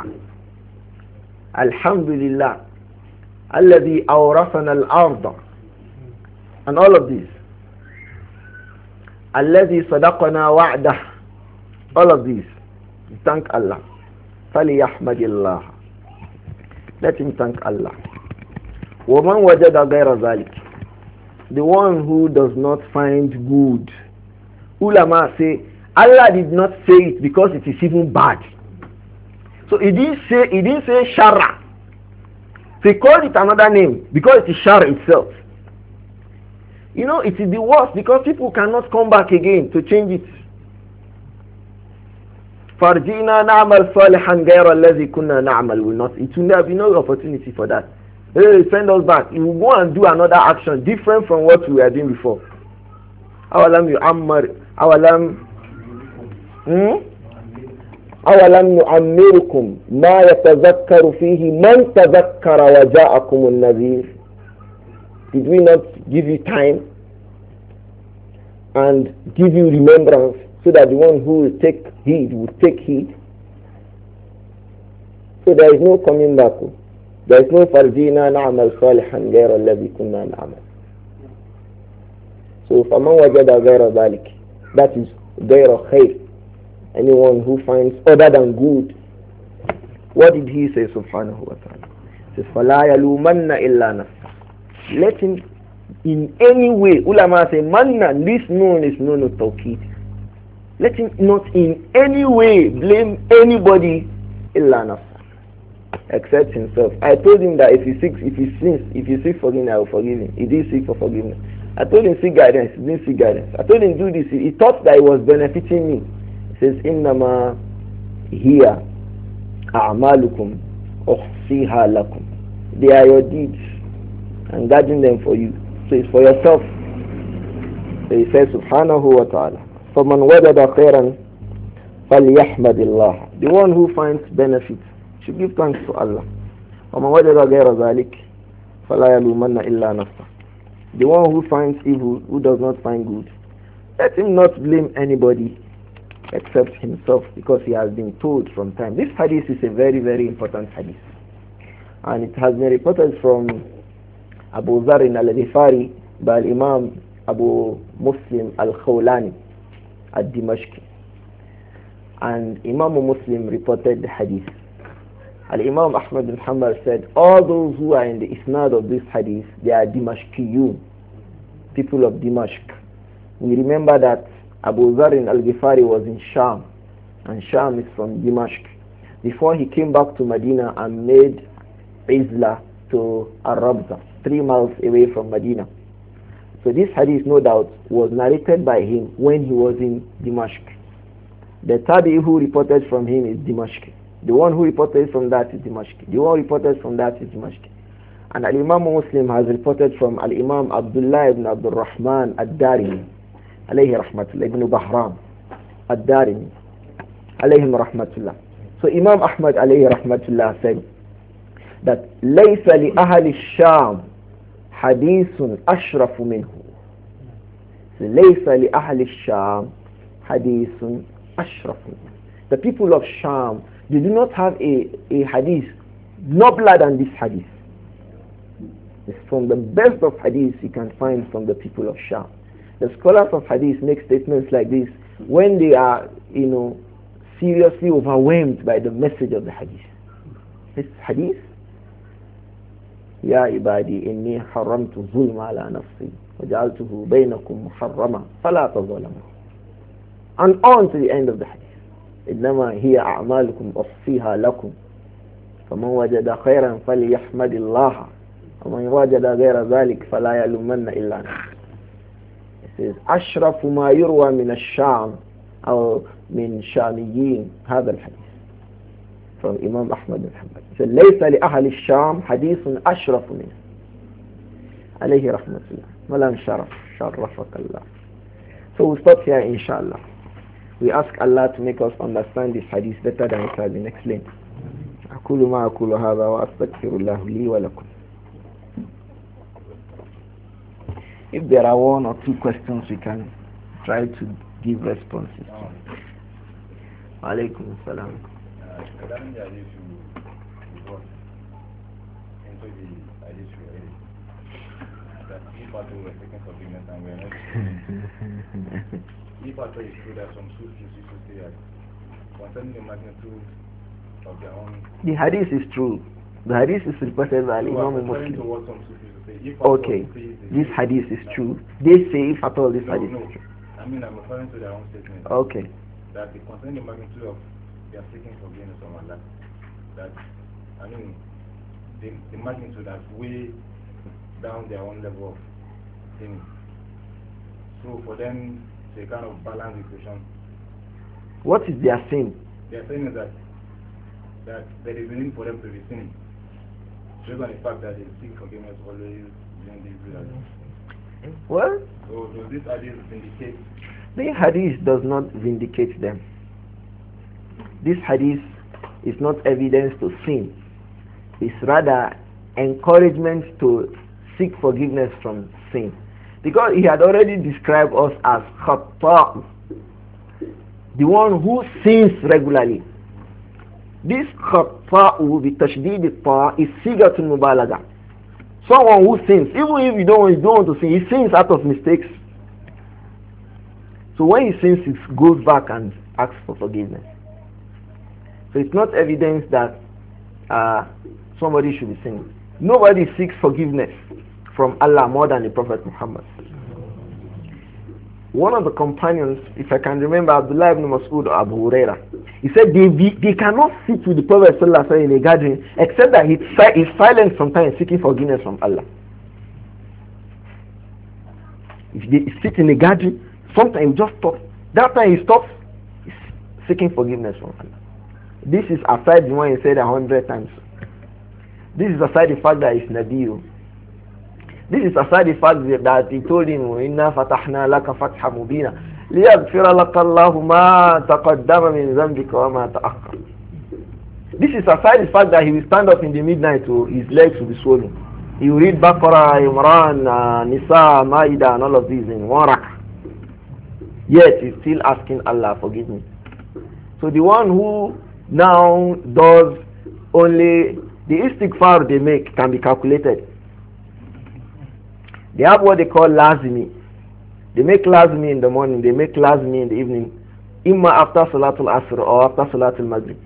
الحمد لله الذي أورثنا الأرض and all of these الذي صدقنا وعده all of these thank Allah فليحمد الله let him thank Allah ومن وجد غير ذلك the one who does not find good. Ulama say, Allah did not say it because it is even bad. So he didn't say, he didn't say shara. So he called it another name because it is shara itself. You know, it is the worst because people cannot come back again to change it. فَرْجِئْنَا نَعْمَلْ صَالِحًا غَيْرَ الَّذِي كُنَّا نَعْمَلْ will not. It will never be no opportunity for that. Hey, send us back. You go and do another action different from what we were doing before. Awalam you ammar. Awalam. Hmm? أولم نعمركم ما يتذكر فيه من تذكر وجاءكم النذير Did we not give you time and give you remembrance so that the one who will take heed will take heed? So there is no coming back. There is no فَرْجِينَا نَعْمَلْ صَالِحًا غَيْرَ الَّذِي كُنَّا نَعْمَلْ So فَمَنْ وَجَدَ غَيْرَ ذَلِكَ That is غَيْرَ خَيْرٍ Anyone who finds other than good. What did he say subhanahu wa ta'ala? says فَلَا يَلُومَنَّ إِلَّا نَفْسَ Let him in any way, ulama say manna, this noon is noon of tawqid. Let him not in any way blame anybody illa nafs except himself. I told him that if he seeks, if he sins, if he seeks forgiveness, I will forgive him. He did seek for forgiveness. I told him seek guidance. He didn't seek guidance. I told him do this. He thought that it was benefiting me. He says, "Innama here, a'malukum, uhsiha lakum." They are your deeds. I'm guarding them for you. So it's for yourself. So he says, "Subhanahu wa taala." فمن وجد خيرا فليحمد الله. The one who finds benefits should give thanks to Allah. وَمَنْ وَجَدَ غَيْرَ ذَلِكَ فَلَا يَلُومَنَّ إِلَّا نَفْسَهُ The one who finds evil, who does not find good, let him not blame anybody except himself because he has been told from time. This hadith is a very, very important hadith. And it has been reported from Abu Zarin al-Ghifari by Imam Abu Muslim al-Khawlani at Dimashki. And Imam Muslim reported the hadith. Al-Imam Ahmad bin Hanbal said, all those who are in the isnad of this hadith, they are Dimashqiyun, people of Dimashq. We remember that Abu Zarin al-Ghifari was in Sham, and Sham is from Dimashq. Before he came back to Medina and made Izla to Arabza, three miles away from Medina. So this hadith, no doubt, was narrated by him when he was in Dimashq. The Tabi who reported from him is Dimashq. The one who reported from that is Dimashq. The one who reported from that is Dimashq. And Al-Imam Muslim has reported from Al-Imam Abdullah ibn Abdul Rahman al darimi alayhi rahmatullah, ibn Bahram al darimi alayhim rahmatullah. So Imam Ahmad alayhi rahmatullah said that لَيْسَ لِأَهَلِ الشَّامِ حَدِيثٌ أَشْرَفُ مِنْهُ so, لَيْسَ لِأَهَلِ الشَّامِ حَدِيثٌ أَشْرَفُ مِنْهُ The people of Sham they do not have a, a hadith nobler than this hadith. It's from the best of hadiths you can find from the people of Sham. The scholars of hadith make statements like this when they are, you know, seriously overwhelmed by the message of the hadith. This hadith, يا عبادي إني حرمت الظلم على نفسي وجعلته بينكم محرما فلا تظلموا. And on to the end of the hadith. إنما هي أعمالكم أصفيها لكم فمن وجد خيرا فليحمد الله ومن وجد غير ذلك فلا يلومن إلا نفسه أشرف ما يروى من الشام أو من شاميين هذا الحديث from Imam Ahmad bin Hanbal so ليس لأهل الشام حديث أشرف منه عليه رحمة الله ولم شرف شرفك الله so we'll stop here inshallah We ask Allah to make us understand this hadith better than it has been explained. أقول ما أقول هذا وأستغفر الله لي ولكم. If there are one or two questions, we can try to give responses. Alaikum it's true that some Sufis used to say that concerning the magnitude of their own. The hadith is true. The hadith is reported by so Imam Muslim. okay, this hadith is true. They say if at all this no, hadith no. is true. I mean, I'm referring to their own statement. Okay. That concerning the magnitude of they are seeking forgiveness from Allah. That, I mean, the, the magnitude that way down their own level of things. So for them, a kind of balanced equation. What is their sin? Their sin is that that there is a need for them to be sinning. Based on the fact that they seek forgiveness always during the prayer. What? So does this hadith vindicate? The hadith does not vindicate them. This hadith is not evidence to sin. It's rather encouragement to seek forgiveness from sin. Because he had already described us as khata, the one who sins regularly. This khata'u bi tashdid ta is sigatun mubalaga. Someone who sins, even if you don't, you don't want to sin, he sins out of mistakes. So when he sins, he goes back and asks for forgiveness. So it's not evidence that uh, somebody should be sinning. Nobody seeks forgiveness from Allah more than the Prophet Muhammad. One of the companions, if I can remember, Abdullah ibn Mas'ud or Abu Huraira, he said they, they cannot sit with the Prophet Sallallahu in a gathering except that he is silent sometimes seeking forgiveness from Allah. If they sit in a gathering, sometimes he just stops. That time he stops seeking forgiveness from Allah. This is aside the one he said a hundred times. This is aside the fact that it's Nabiyu. This is aside the fact that he told him, إِنَّا فَتَحْنَا لَكَ فَتْحًا مُبِينًا لِيَغْفِرَ لَكَ اللَّهُ مَا تَقَدَّمَ This is aside the fact that he will stand up in the midnight, to, his legs will be swollen. He will read Baqarah, Imran, uh, Nisa, Ma'idah and all of these in one rak. Yet he's still asking Allah, forgive me. So the one who now does only the istighfar they make can be calculated. They have what they call lazmi. They make lazmi in the morning, they make lazmi in the evening, i after Salatul Asr or after Salatul Maghrib.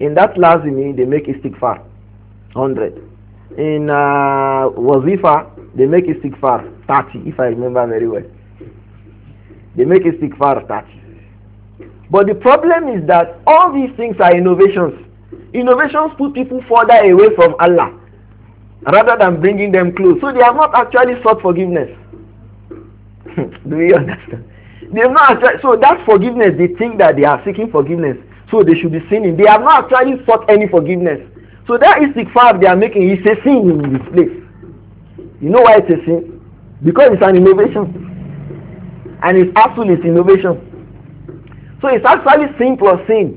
In that lazmi, they make istighfar, 100. In uh, wazifa, they make istighfar, 30, if I remember very well. They make istighfar, 30. But the problem is that all these things are innovations. Innovations put people further away from Allah rather than bringing them close. So they have not actually sought forgiveness. Do you understand? They have not actually, so that forgiveness, they think that they are seeking forgiveness. So they should be sinning. They have not actually sought any forgiveness. So that is the fact they are making. It's a sin in this place. You know why it's a sin? Because it's an innovation. And it's absolute innovation. So it's actually sin plus sin.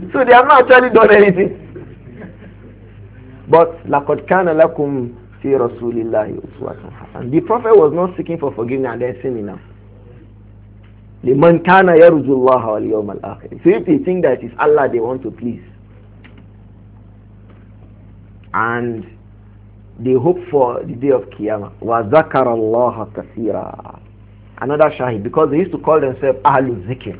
so they have not actually done anything. But laqad kana lakum فِي رَسُولِ uswatun أُسْوَةٌ The Prophet was not seeking for forgiveness and then sinning now. لمن كان يرجو الله واليوم so if they think that it's Allah they want to please and they hope for the day of Qiyamah وذكر الله كثيرا another shahid because they used to call themselves Ahlul Zikr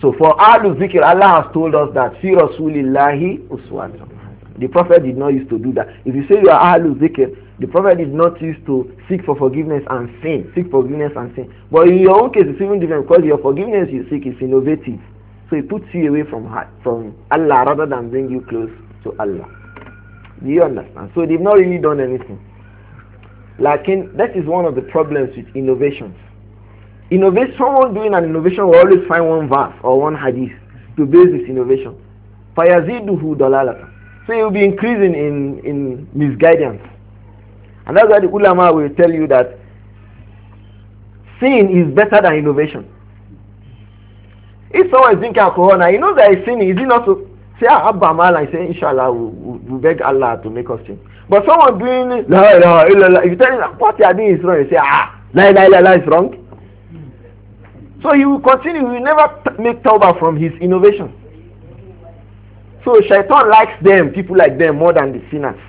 so for Ahlul Zikr Allah has told us that Fi رسول uswatun. The Prophet did not used to do that. If you say you are Ahlul Zikr, the Prophet did not used to seek for forgiveness and sin. Seek forgiveness and sin. But in your own case, it's even different because your forgiveness you seek is innovative. So it puts you away from, from Allah rather than bring you close to Allah. Do you understand? So they've not really done anything. Like in, that is one of the problems with innovations. Innovate. someone doing an innovation will always find one verse or one hadith to base this innovation. فَيَزِيدُهُ so you'll be increasing in, in misguidance. And that's why the ulama will tell you that sin is better than innovation. If someone is drinking alcohol now, he knows that he's sinning. Is he not so? Say, ah, Abba Mala, say, Inshallah, we, we we beg Allah to make us change. But someone doing, la, la, la, la, if you tell him what you are doing is wrong, you say, ah, la, la, la, la, is wrong. So he will continue, he will never make tawbah from his innovation. So shaitan likes them, people like them more than the sinners.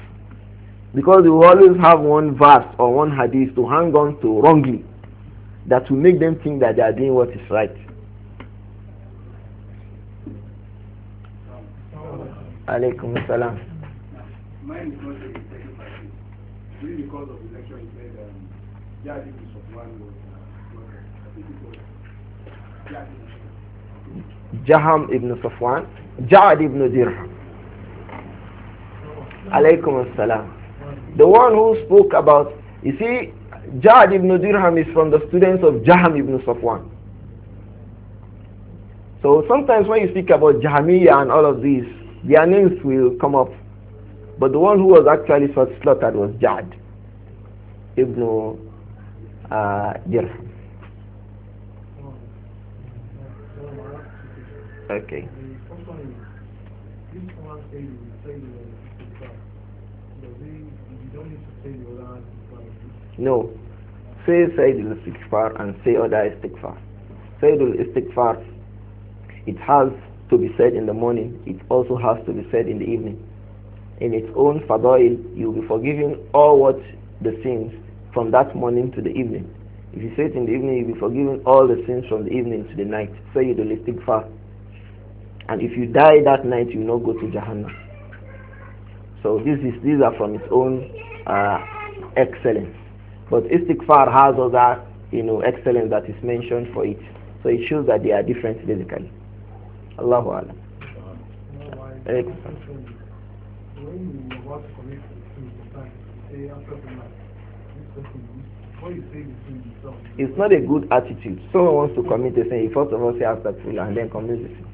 Because they will always have one verse or one hadith to hang on to wrongly that will make them think that they are doing what is right. Alaikum salam. Mine is not a second party. During the course of the lecture, he said, um, Jadi Sufwan was, uh, I think it was Jaham ibn Safwan. Ja'ad ibn Dirham. Alaykum as-salam. The one who spoke about, you see, Ja'ad ibn Dirham is from the students of Jaham ibn Safwan. So sometimes when you speak about Jahamia and all of these, their names will come up. But the one who was actually slaughtered was Jad ibn uh, Dirham. Okay. No. Say Sayyid al-Istighfar and say other Istighfar. Sayyid al-Istighfar, it has to be said in the morning. It also has to be said in the evening. In its own fadail, you'll be forgiven all what the sins from that morning to the evening. If you say it in the evening, you'll be forgiven all the sins from the evening to the night. Sayyid al-Istighfar. And if you die that night, you will not go to Jahannam. So this is, these are from its own uh, excellence. But istikfar has other, you know, excellence that is mentioned for it. So it shows that they are different basically. Allahu Alam. It's not a good attitude. Someone wants to commit a sin, he first of all says that, and then commit the sin.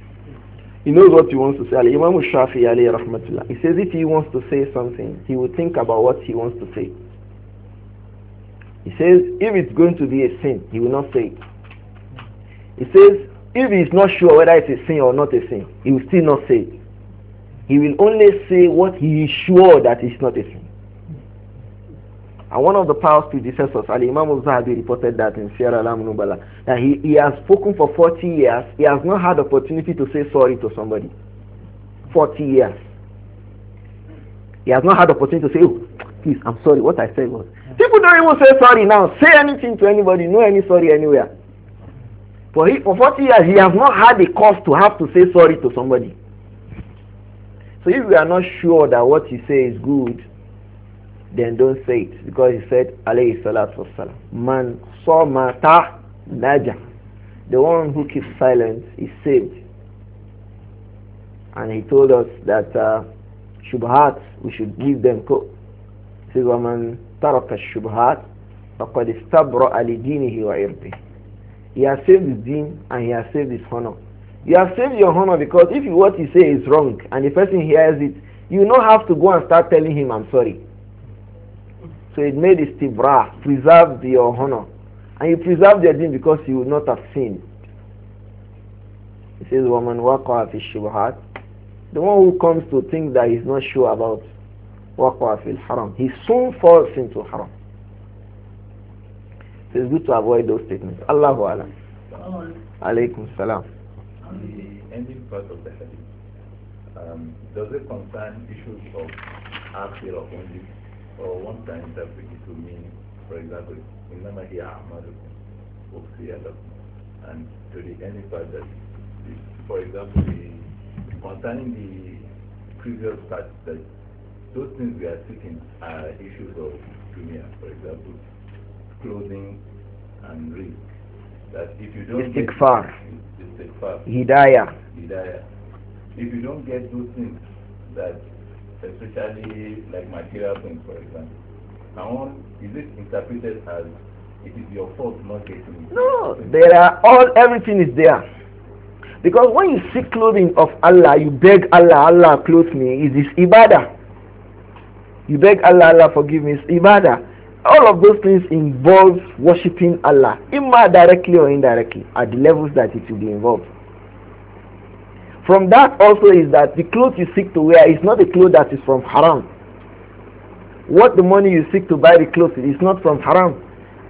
He knows what he wants to say. Imam Shafi rahmatullah. He says if he wants to say something, he will think about what he wants to say. He says, if it's going to be a sin, he will not say it. He says, if he is not sure whether it's a sin or not a sin, he will still not say it. He will only say what he is sure that is not a sin. And one of the past predecessors, Ali Imam Zahabi, reported that in Sierra Alam Nubala, that he, he has spoken for 40 years, he has not had opportunity to say sorry to somebody. 40 years. He has not had opportunity to say, oh, please, I'm sorry, what I said was. People don't even say sorry now. Say anything to anybody, no any sorry anywhere. For, he, for 40 years, he has not had the cause to have to say sorry to somebody. So if you are not sure that what you say is good, then don't say it. Because he said, alayhi salatu wasalam, man somata naja. The one who keeps silent is saved. And he told us that uh, shubhat, we should give them. He said, ترك الشبهات فقد استبرأ لدينه وعرضه He has saved his dean and he has saved his honor. You have saved your honor because if what you say is wrong and the person hears it, you don't have to go and start telling him, I'm sorry. So it made istibra, preserved your honor. And you preserved your dean because you would not have sinned. He says, woman waqa'a fi shubhat? The one who comes to things that he's not sure about, waqa fil haram. He soon falls into haram. So it's good to avoid those statements. Allahu alam. Alaykum salam. The ending part of the hadith, um, does it concern issues of akhir of only or one time that it need to mean, for example, إنما هي أعمالكم أخفي لكم and to the any part that, for example, the, concerning the previous part that those things we are seeking are issues of premium, for example, clothing and rings. That if you don't istighfar, hidaya. If you don't get those things, that especially like material things, for example, is it interpreted as it is your fault not getting it? No, there are all everything is there. Because when you seek clothing of Allah, you beg Allah, Allah clothe me, it is ibadah. You beg Allah, Allah forgive me. It's ibadah. All of those things involve worshipping Allah, either directly or indirectly, at the levels that it will be involved. From that also is that the clothes you seek to wear is not the clothes that is from haram. What the money you seek to buy the clothes is not from haram.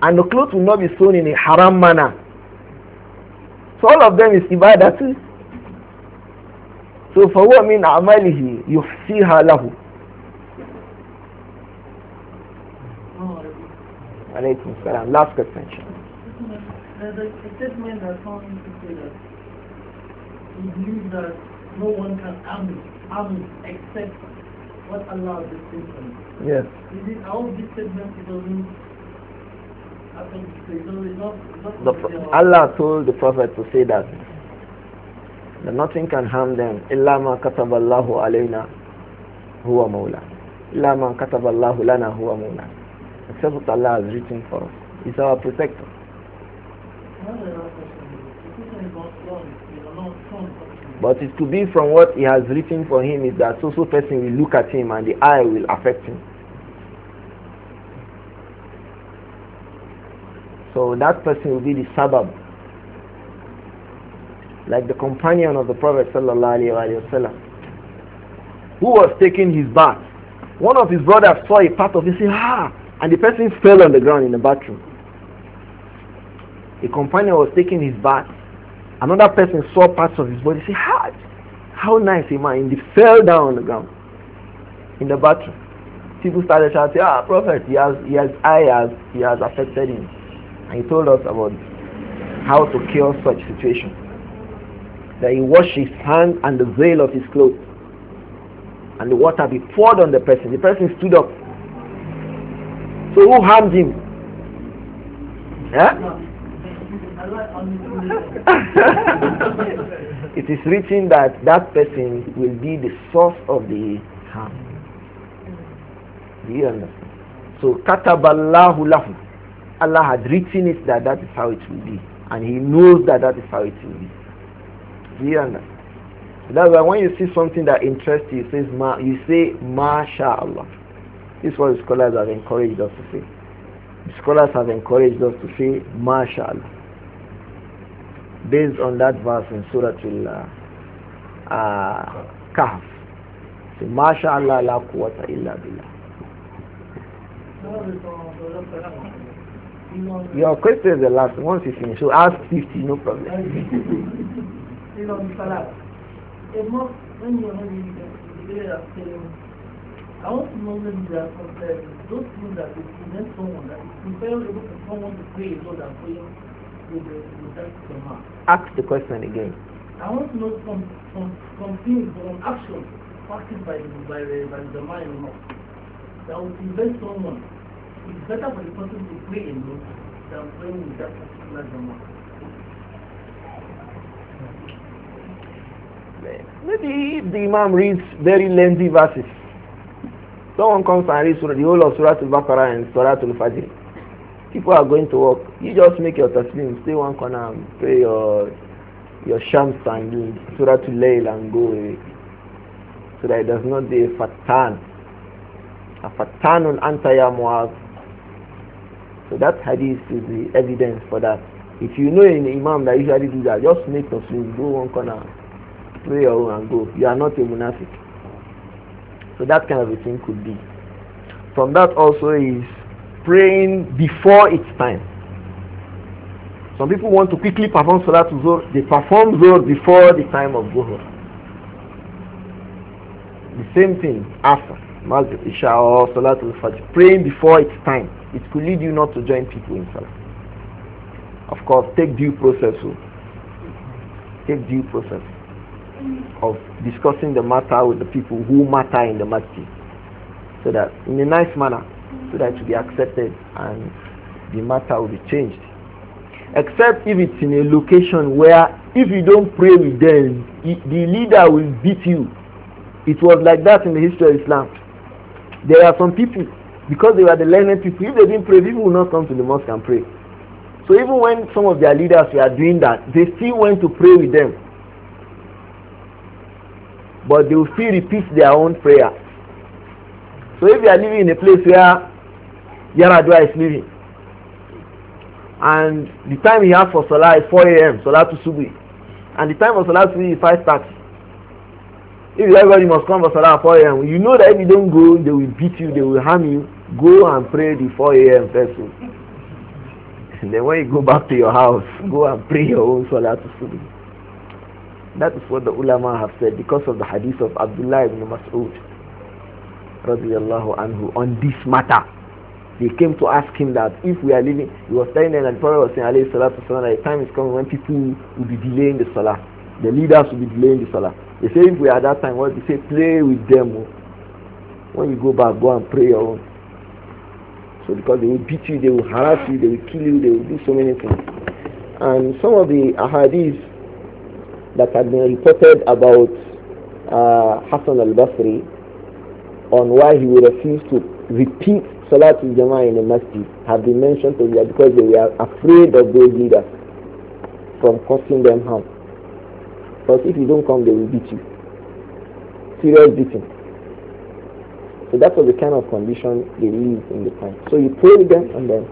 And the clothes will not be sewn in a haram manner. So all of them is ibadah too. So for what mean amalihi, you see lahu. Alaykum salam. Last question. The statement that someone said that he believes that no one can harm him except what Allah has given Yes. Is it how this statement is not the, Allah told the Prophet to say that, that nothing can harm them. Ilama ما كتب الله علينا هو مولى. إلا ما كتب الله لنا Except what Allah has written for us. He's our protector. But it could be from what he has written for him is that so-so person will look at him and the eye will affect him. So that person will be the sabab. Like the companion of the Prophet wasallam, who was taking his bath. One of his brothers saw a part of it and said, ah, and the person fell on the ground in the bathroom. A companion was taking his bath. Another person saw parts of his body. Say, how, how nice a man. And he fell down on the ground in the bathroom. People started shouting, ah, prophet, he has, he has I has, he has affected him. And he told us about how to cure such situation. That he washed his hand and the veil of his clothes. And the water be poured on the person. The person stood up so who harmed him? Huh? it is written that that person will be the source of the harm. Do you understand? So kataballahu lahu. Allah had written it that that is how it will be. And he knows that that is how it will be. Do you understand? That's why when you see something that interests you, you, says, ma, you say, MashaAllah. This is what scholars have encouraged us to say. Scholars have encouraged us to see Marshall. Based on that verse in Surah Al uh, Kahf. Say, MashaAllah la quwwata illa billah. Your question is the last one. Once you finish, so ask 50, no problem. I want to know them their Those things that they present someone that is comparable to someone to pray so that praying with the that Ask the question again. I want to know some some some things from action practiced by the by the by the mind or not. That will prevent someone. It's better for the person to pray you know, than praying with that particular Jama'ah. Maybe if the Imam reads very lengthy verses, Someone comes and reads the whole of Surah Al-Baqarah and Surah Al-Fajr. People are going to work. You just make your taslim, stay one corner and pray your your shams and Surah Al-Layl and go away. So that it does not be a fatan. A fatanun anta ya muaz. So that hadith is the evidence for that. If you know an imam that usually do that, just make taslim, go one corner, pray your own and go. You are not a munafiq. So that kind of a thing could be. From that also is praying before its time. Some people want to quickly perform Salat Zuhr. They perform Zuhr before the time of Zuhr. The same thing after Maghrib, Isha or Salat al-Fajr. Praying before its time. It could lead you not to join people in Salah. Of course, take due process. Oh. Take due process of discussing the matter with the people who matter in the masjid so that in a nice manner so that it will be accepted and the matter will be changed except if it's in a location where if you don't pray with them the leader will beat you it was like that in the history of islam there are some people because they were the learned people if they didn't pray people would not come to the mosque and pray so even when some of their leaders were doing that they still went to pray with them but they will still repeat their own prayer. So if you are living in a place where Yaradua is living, and the time he has for Salah is 4 a.m., Salah to Subi, and the time of Salah to is five 5.30. If everybody must come for Salah at 4 a.m., you know that if you don't go, they will beat you, they will harm you. Go and pray the 4 a.m. first. And then when you go back to your house, go and pray your own Salah to Subi. That is what the ulama have said because of the hadith of Abdullah ibn Mas'ud radiallahu anhu on this matter. They came to ask him that if we are living, he was telling them and the Prophet was saying alayhi salatu wasalam, the time is coming when people will be delaying the salah. The leaders will be delaying the salah. They say if we are at that time, what they say, play with them. Oh. When you go back, go and pray your own. So because they will beat you, they will harass you, they will kill you, they will do so many things. And some of the ahadith that had been reported about uh, Hassan al-Basri on why he would refuse to repeat Salatul Jama'ah in the masjid have been mentioned to you because they were afraid of those leaders from causing them harm. Because if you don't come, they will beat you. Serious beating. So that was the kind of condition they lived in the time. So you pray with them and then.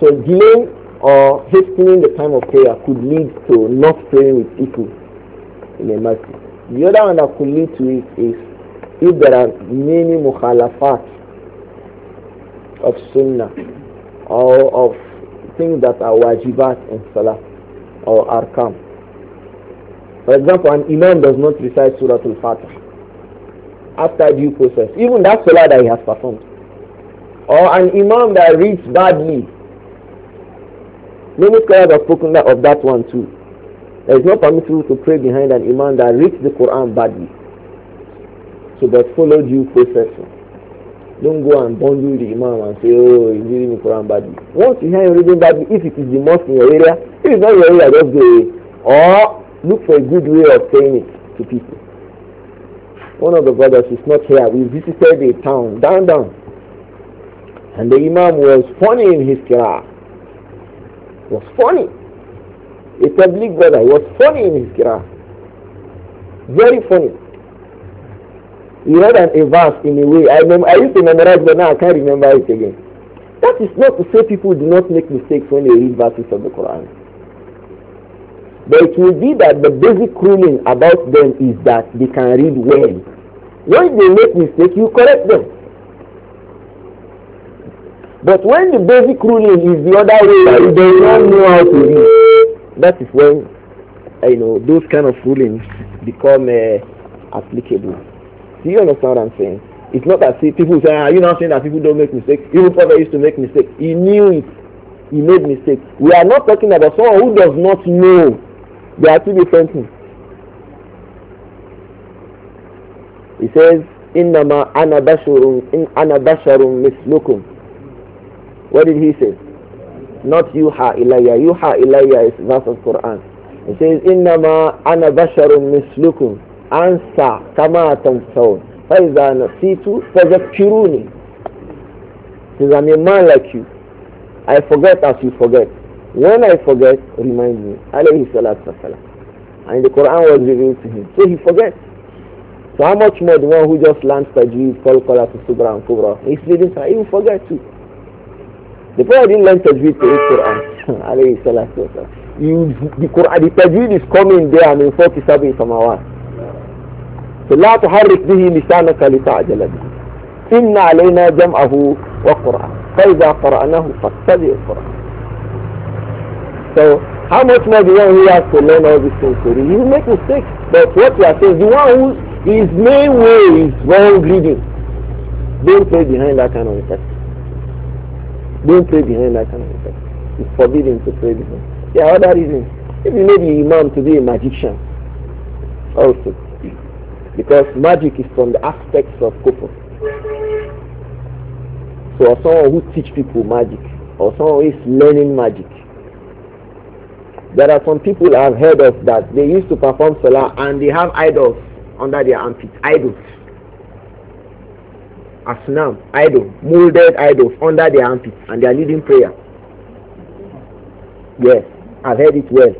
So delay or hastening the time of prayer could lead to not praying with people in a masjid. The other one that could lead to it is if there are many mukhalafat of sunnah or of things that are wajibat in salah or arkam. For example, an imam does not recite Surah Al-Fatih after due process, even that salah that he has performed. Or an imam that reads badly Many scholars have spoken of that one too. It is not permissible to pray behind an imam that reads the Quran badly. So that follow due process. Don't go and bundle the imam and say, oh, he's reading the Quran badly. Once you hear him reading badly, if it is the mosque in your area, if it's not your area, just go away. Or look for a good way of saying it to people. One of the brothers is not here. We visited a town, down, down. And the imam was funny in his qira'ah was funny. A public brother was funny in his kira. Very funny. He read an, a verse in a way. I, mem- I used to memorize, but now I can't remember it again. That is not to say people do not make mistakes when they read verses of the Quran. But it will be that the basic ruling about them is that they can read well. When they make mistakes, you correct them. But when the basic ruling is the other way, you do not know how to read. That is when you know those kind of rulings become uh, applicable. Do you understand what I'm saying? It's not that see, people say, are ah, you not saying that people don't make mistakes? Even probably used to make mistakes. He knew it. He made mistakes. We are not talking about someone who does not know. There are two different things. He says, "Inna ma Anabasharum, in أنا mislukum." What did he say? Not yuha ilayya. Yuha ilayya is verse of Quran. He says, إِنَّمَا أَنَا بَشَرٌ مِثْلُكُمْ أَنْسَى كَمَا تَنْسَوْنَ فَإِذَا نَسِيتُ فَذَكِّرُونِي He says, I'm a man like you. I forget as you forget. When I forget, remind me. Alayhi salatu wasalam. And the Quran was revealed to him. So he forgets. So how much more the one who just learns Tajweed, Qalqala, Sugra and Kubra. He's reading, he will forget too. The Prophet didn't learn tajweed to read Quran. you, the Quran, the tajweed is coming there and in 47 samawat. So لا تحرك به لسانك لتعجل به. إن علينا جمعه وقرآن. فإذا قرأناه فاتبع القرآن. So how much more the one who has to learn all these things to He will make mistakes. But what we are saying, the one who is his main way is wrong reading. Don't play behind that kind of effect. Don't pray behind that kind of effect. It's forbidden to pray behind. There are other reasons. If you know the imam to be a magician also. Because magic is from the aspects of kufr. So someone who teach people magic or someone who is learning magic. There are some people I've heard of that they used to perform salah and they have idols under their armpits. Idols asnam, idol, molded idols under their armpits and they are leading prayer. Yes, I've heard it well.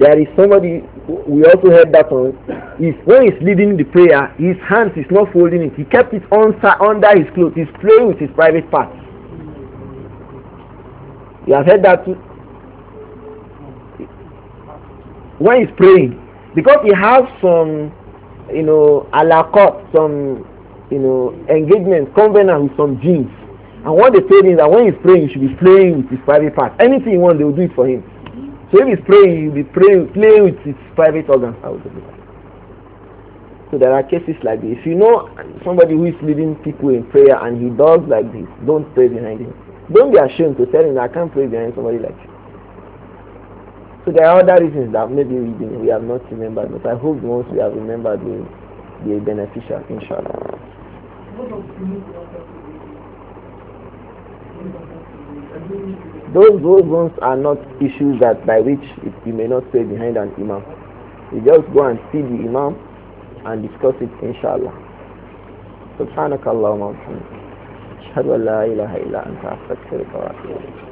There is somebody, we also heard that one, is when he's leading the prayer, his hands is not folding it. He kept it on, under his clothes. He's praying with his private parts. You have heard that too? When he's praying, because he has some you know, alakot, some, you know, engagement, covenant with some jeans. And what they told is that when he's praying, he should be playing with his private part. Anything he wants, they will do it for him. So if he's praying, he'll be praying, playing with his private organs. So there are cases like this. If you know somebody who is leading people in prayer and he does like this, don't pray behind him. Don't be ashamed to tell him that I can't pray behind somebody like you. So there are other reasons that maybe we, didn't, we have not remembered, but I hope once we have remembered will be beneficial, inshallah. Those, those ones are not issues that by which it, you may not stay behind an imam. You just go and see the imam and discuss it, inshallah. سبحانك اللهم وبحمدك أشهد أن لا إله إلا أنت أستغفرك وأتوب إليك